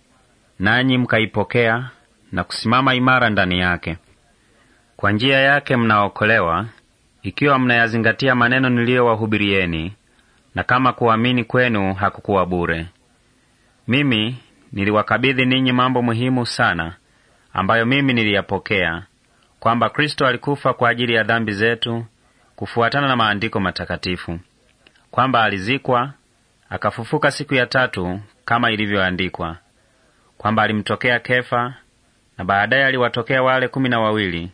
nanyi mkaipokea na kusimama imara ndani yake kwa njia yake mnaokolewa, ikiwa mnayazingatia maneno niliyowahubirieni, na kama kuamini kwenu hakukuwa bure. Mimi niliwakabidhi ninyi mambo muhimu sana ambayo mimi niliyapokea, kwamba Kristo alikufa kwa ajili ya dhambi zetu kufuatana na maandiko matakatifu, kwamba alizikwa akafufuka siku ya tatu kama ilivyoandikwa, kwamba alimtokea Kefa na baadaye aliwatokea wale kumi na wawili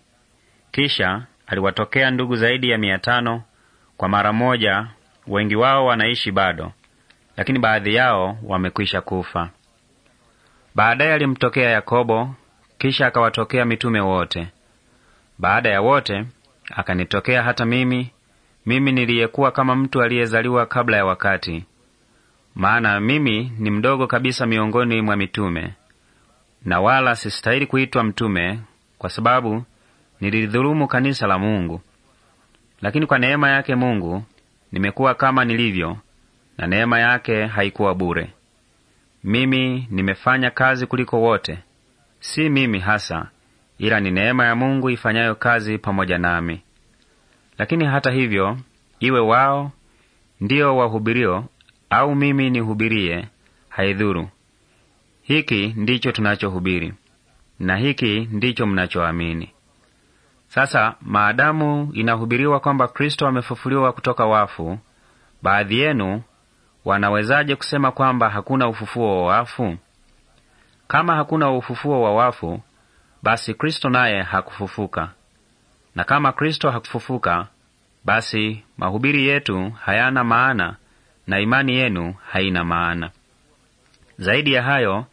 kisha aliwatokea ndugu zaidi ya mia tano kwa mara moja. Wengi wao wanaishi bado, lakini baadhi yao wamekwisha kufa. Baadaye alimtokea Yakobo, kisha akawatokea mitume wote. Baada ya wote akanitokea hata mimi, mimi niliyekuwa kama mtu aliyezaliwa kabla ya wakati, maana mimi ni mdogo kabisa miongoni mwa mitume, na wala sistahili kuitwa mtume, kwa sababu Nililidhulumu kanisa la Mungu, lakini kwa neema yake Mungu nimekuwa kama nilivyo, na neema yake haikuwa bure. Mimi nimefanya kazi kuliko wote, si mimi hasa, ila ni neema ya Mungu ifanyayo kazi pamoja nami. Lakini hata hivyo, iwe wao ndiyo wahubirio au mimi nihubirie, haidhuru. Hiki ndicho tunachohubiri na hiki ndicho mnachoamini. Sasa maadamu inahubiriwa kwamba Kristo amefufuliwa kutoka wafu, baadhi yenu wanawezaje kusema kwamba hakuna ufufuo wa wafu? Kama hakuna ufufuo wa wafu, basi Kristo naye hakufufuka. Na kama Kristo hakufufuka, basi mahubiri yetu hayana maana na imani yenu haina maana. Zaidi ya hayo,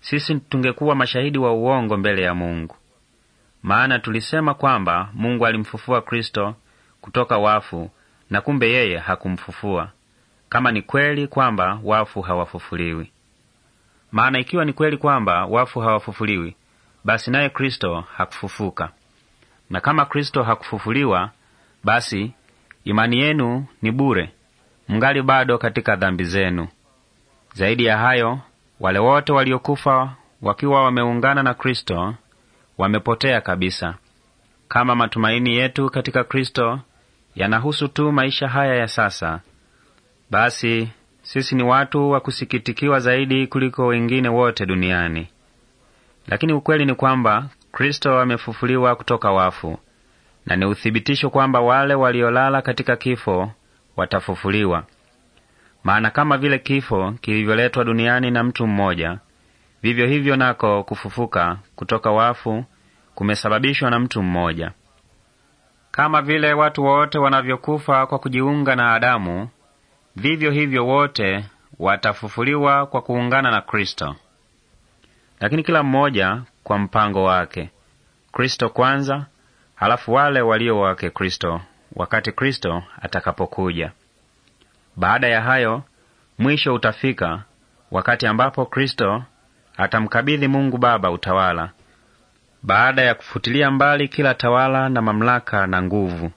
sisi tungekuwa mashahidi wa uongo mbele ya Mungu. Maana tulisema kwamba Mungu alimfufua Kristo kutoka wafu, na kumbe yeye hakumfufua, kama ni kweli kwamba wafu hawafufuliwi. Maana ikiwa ni kweli kwamba wafu hawafufuliwi, basi naye Kristo hakufufuka. Na kama Kristo hakufufuliwa, basi imani yenu ni bure, mngali bado katika dhambi zenu. Zaidi ya hayo, wale wote waliokufa wakiwa wameungana na Kristo wamepotea kabisa. Kama matumaini yetu katika Kristo yanahusu tu maisha haya ya sasa, basi sisi ni watu wa kusikitikiwa zaidi kuliko wengine wote duniani. Lakini ukweli ni kwamba Kristo amefufuliwa kutoka wafu, na ni uthibitisho kwamba wale waliolala katika kifo watafufuliwa. Maana kama vile kifo kilivyoletwa duniani na mtu mmoja, vivyo hivyo nako kufufuka kutoka wafu kumesababishwa na mtu mmoja. Kama vile watu wote wanavyokufa kwa kujiunga na Adamu, vivyo hivyo wote watafufuliwa kwa kuungana na Kristo, lakini kila mmoja kwa mpango wake. Kristo kwanza, halafu wale walio wake Kristo wakati Kristo atakapokuja. Baada ya hayo, mwisho utafika wakati ambapo Kristo atamkabidhi Mungu Baba utawala baada ya kufutilia mbali kila tawala na mamlaka na nguvu.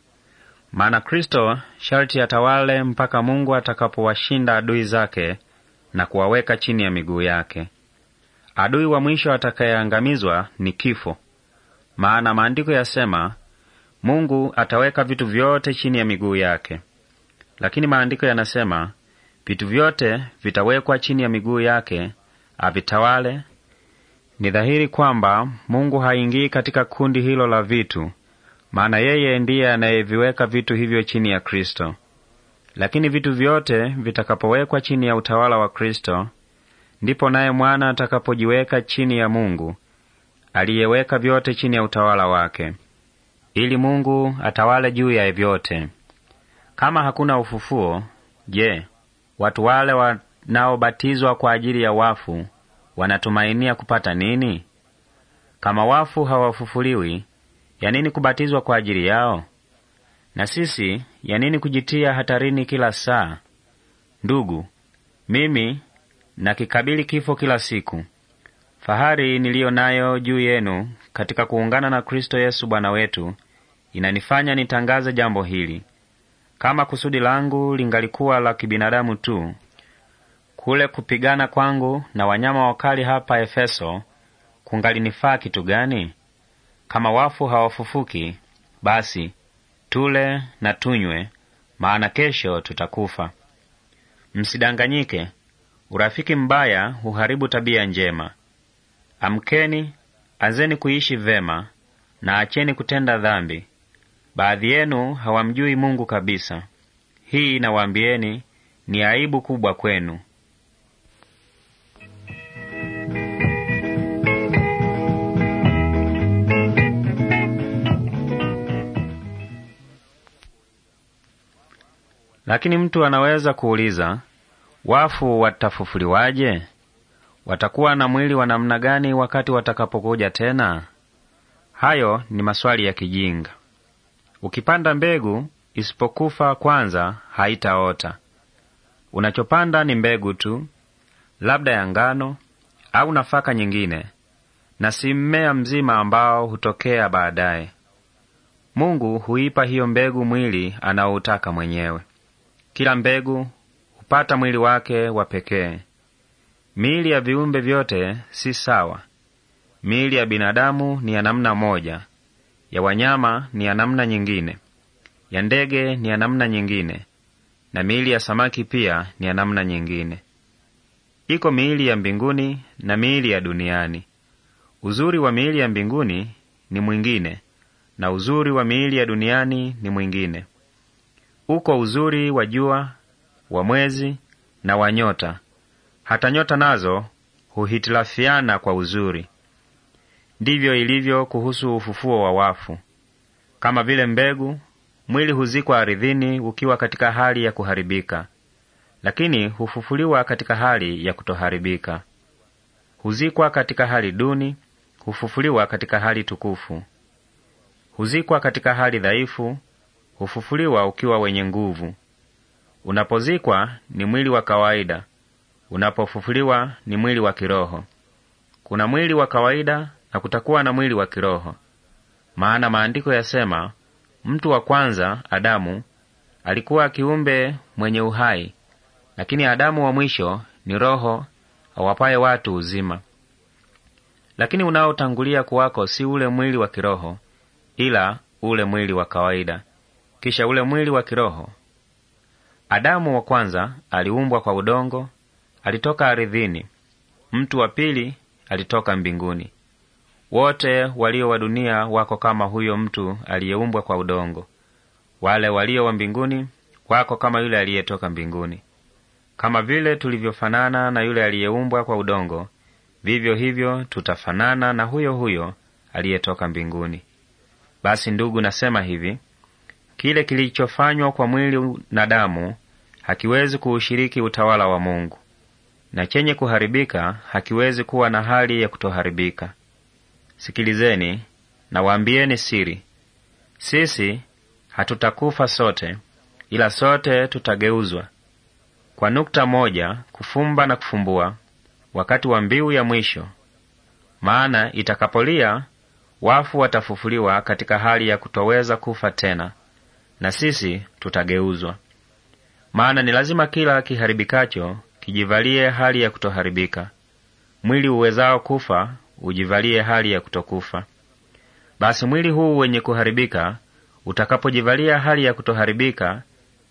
Maana Kristo sharti atawale mpaka Mungu atakapowashinda adui zake na kuwaweka chini ya miguu yake. Adui wa mwisho atakayeangamizwa ni kifo, maana maandiko yasema, Mungu ataweka vitu vyote chini ya miguu yake. Lakini maandiko yanasema, vitu vyote vitawekwa chini ya miguu yake, avitawale ni dhahiri kwamba Mungu haingii katika kundi hilo la vitu, maana yeye ndiye anayeviweka vitu hivyo chini ya Kristo. Lakini vitu vyote vitakapowekwa chini ya utawala wa Kristo, ndipo naye mwana atakapojiweka chini ya Mungu aliyeweka vyote chini ya utawala wake, ili Mungu atawale juu ya vyote. Kama hakuna ufufuo, je, watu wale wanaobatizwa kwa ajili ya wafu wanatumainia kupata nini? Kama wafu hawafufuliwi, ya nini kubatizwa kwa ajili yao? Na sisi ya nini kujitia hatarini kila saa? Ndugu, mimi nakikabili kifo kila siku. Fahari niliyo nayo juu yenu katika kuungana na Kristo Yesu Bwana wetu inanifanya nitangaze jambo hili. Kama kusudi langu lingalikuwa la kibinadamu tu, kule kupigana kwangu na wanyama wakali hapa Efeso kungalinifaa kitu gani? Kama wafu hawafufuki, basi tule na tunywe, maana kesho tutakufa. Msidanganyike, urafiki mbaya huharibu tabia njema. Amkeni, anzeni kuishi vema na acheni kutenda dhambi. Baadhi yenu hawamjui Mungu kabisa. Hii nawaambieni ni aibu kubwa kwenu. Lakini mtu anaweza kuuliza, wafu watafufuliwaje? Watakuwa na mwili wa namna gani wakati watakapokuja tena? Hayo ni maswali ya kijinga. Ukipanda mbegu isipokufa kwanza, haitaota. Unachopanda ni mbegu tu, labda ya ngano au nafaka nyingine, na si mmea mzima ambao hutokea baadaye. Mungu huipa hiyo mbegu mwili anaoutaka mwenyewe. Kila mbegu hupata mwili wake wa pekee. Miili ya viumbe vyote si sawa. Miili ya binadamu ni ya namna moja, ya wanyama ni ya namna nyingine, ya ndege ni ya namna nyingine, na miili ya samaki pia ni ya namna nyingine. Iko miili ya mbinguni na miili ya duniani. Uzuri wa miili ya mbinguni ni mwingine, na uzuri wa miili ya duniani ni mwingine uko uzuri wa jua, wa mwezi na wa nyota. Hata nyota nazo huhitilafiana kwa uzuri. Ndivyo ilivyo kuhusu ufufuo wa wafu. Kama vile mbegu, mwili huzikwa aridhini ukiwa katika hali ya kuharibika, lakini hufufuliwa katika hali ya kutoharibika. Huzikwa katika hali duni, hufufuliwa katika hali tukufu. Huzikwa katika hali dhaifu, hufufuliwa ukiwa wenye nguvu. Unapozikwa ni mwili wa kawaida, unapofufuliwa ni mwili wa kiroho. Kuna mwili wa kawaida na kutakuwa na mwili wa kiroho. Maana maandiko yasema, mtu wa kwanza Adamu alikuwa kiumbe mwenye uhai, lakini Adamu wa mwisho ni roho awapaye watu uzima. Lakini unaotangulia kuwako si ule mwili wa kiroho, ila ule mwili wa kawaida kisha ule mwili wa kiroho. Adamu wa kwanza aliumbwa kwa udongo, alitoka aridhini. Mtu wa pili alitoka mbinguni. Wote walio wa dunia wako kama huyo mtu aliyeumbwa kwa udongo, wale walio wa mbinguni wako kama yule aliyetoka mbinguni. Kama vile tulivyofanana na yule aliyeumbwa kwa udongo, vivyo hivyo tutafanana na huyo huyo aliyetoka mbinguni. Basi ndugu, nasema hivi: Kile kilichofanywa kwa mwili na damu hakiwezi kuushiriki utawala wa Mungu, na chenye kuharibika hakiwezi kuwa na hali ya kutoharibika. Sikilizeni nawaambieni siri, sisi hatutakufa sote, ila sote tutageuzwa kwa nukta moja, kufumba na kufumbua, wakati wa mbiu ya mwisho. Maana itakapolia wafu watafufuliwa katika hali ya kutoweza kufa tena na sisi tutageuzwa. Maana ni lazima kila kiharibikacho kijivalie hali ya kutoharibika, mwili uwezao kufa ujivalie hali ya kutokufa. Basi mwili huu wenye kuharibika utakapojivalia hali ya kutoharibika,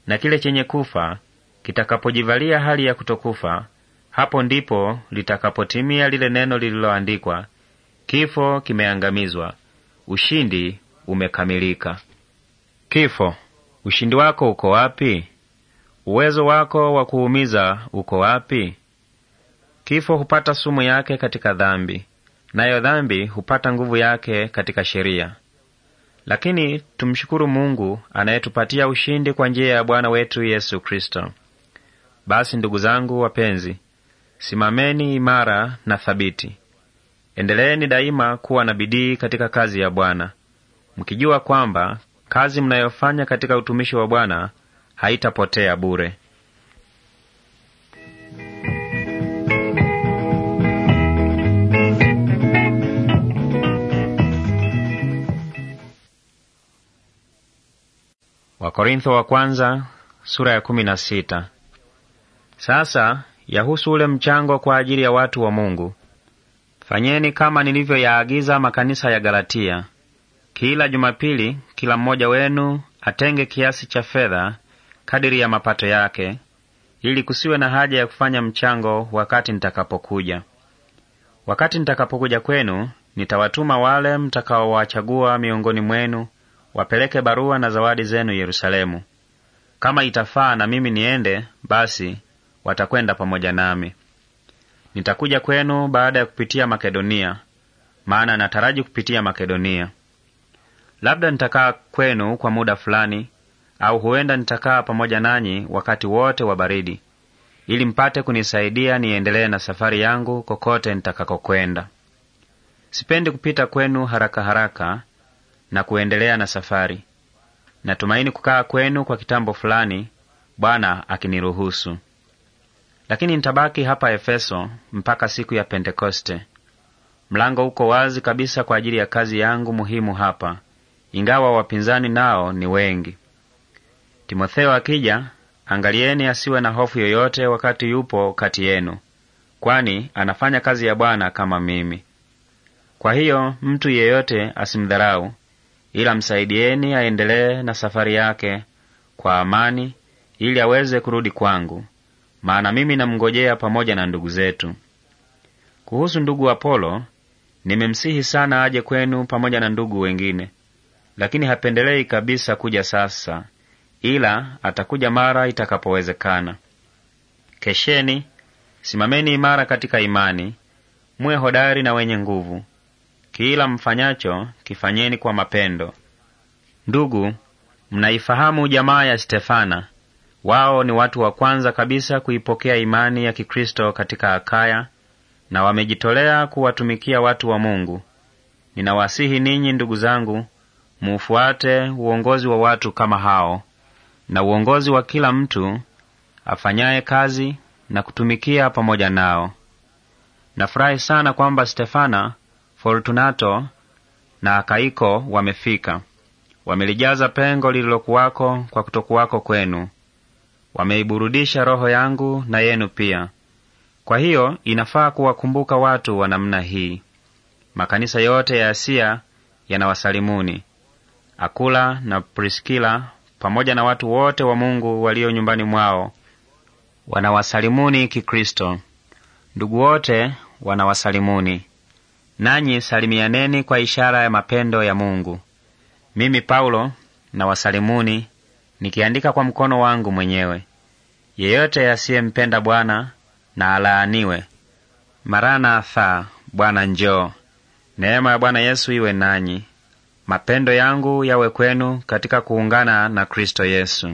na kile chenye kufa kitakapojivalia hali ya kutokufa, hapo ndipo litakapotimia lile neno lililoandikwa, kifo kimeangamizwa, ushindi umekamilika. Kifo, ushindi wako uko wapi? Uwezo wako wa kuumiza uko wapi? Kifo hupata sumu yake katika dhambi, nayo dhambi hupata nguvu yake katika sheria. Lakini tumshukuru Mungu anayetupatia ushindi kwa njia ya Bwana wetu Yesu Kristo. Basi ndugu zangu wapenzi, simameni imara na thabiti, endeleeni daima kuwa na bidii katika kazi ya Bwana, mkijua kwamba kazi mnayofanya katika utumishi wa Bwana haitapotea bure. Wakorintho wa kwanza, sura ya kumi na sita. Sasa yahusu ule mchango kwa ajili ya watu wa Mungu. Fanyeni kama nilivyoyaagiza makanisa ya Galatia. Kila Jumapili kila mmoja wenu atenge kiasi cha fedha kadiri ya mapato yake, ili kusiwe na haja ya kufanya mchango wakati nitakapokuja. Wakati nitakapokuja kwenu, nitawatuma wale mtakaowachagua miongoni mwenu wapeleke barua na zawadi zenu Yerusalemu. Kama itafaa na mimi niende, basi watakwenda pamoja nami. Nitakuja kwenu baada ya kupitia Makedonia, maana nataraji kupitia Makedonia. Labda nitakaa kwenu kwa muda fulani, au huenda nitakaa pamoja nanyi wakati wote wa baridi, ili mpate kunisaidia niendelee na safari yangu kokote nitakakokwenda. Sipendi kupita kwenu haraka haraka na kuendelea na safari. Natumaini kukaa kwenu kwa kitambo fulani, Bwana akiniruhusu. Lakini nitabaki hapa Efeso mpaka siku ya Pentekoste. Mlango uko wazi kabisa kwa ajili ya kazi yangu muhimu hapa, ingawa wapinzani nao ni wengi. Timotheo akija, angalieni asiwe na hofu yoyote wakati yupo kati yenu, kwani anafanya kazi ya Bwana kama mimi. Kwa hiyo mtu yeyote asimdharau, ila msaidieni aendelee na safari yake kwa amani, ili aweze kurudi kwangu, maana mimi namngojea pamoja na ndugu zetu. Kuhusu ndugu Apolo, nimemsihi sana aje kwenu pamoja na ndugu wengine lakini hapendelei kabisa kuja sasa, ila atakuja mara itakapowezekana. Kesheni, simameni imara katika imani, muwe hodari na wenye nguvu. Kila mfanyacho kifanyeni kwa mapendo. Ndugu, mnaifahamu jamaa ya Stefana. Wao ni watu wa kwanza kabisa kuipokea imani ya Kikristo katika Akaya na wamejitolea kuwatumikia watu wa Mungu. Ninawasihi ninyi ndugu zangu mufuate uongozi wa watu kama hao na uongozi wa kila mtu afanyaye kazi na kutumikia pamoja nao. Nafurahi sana kwamba Stefana, Fortunato na Akaiko wamefika. Wamelijaza pengo lililokuwako kwa kutokuwako kwenu. Wameiburudisha roho yangu na yenu pia. Kwa hiyo inafaa kuwakumbuka watu wa namna hii. Makanisa yote ya Asia yanawasalimuni. Akula na Priskila pamoja na watu wote wa Mungu walio nyumbani mwao wanawasalimuni Kikristo. Ndugu wote wanawasalimuni. Nanyi salimianeni kwa ishara ya mapendo ya Mungu. Mimi Paulo nawasalimuni nikiandika kwa mkono wangu mwenyewe. Yeyote asiyempenda Bwana na alaaniwe. Maranatha, Bwana njoo. Neema ya Bwana Yesu iwe nanyi. Mapendo yangu yawe kwenu katika kuungana na Kristo Yesu.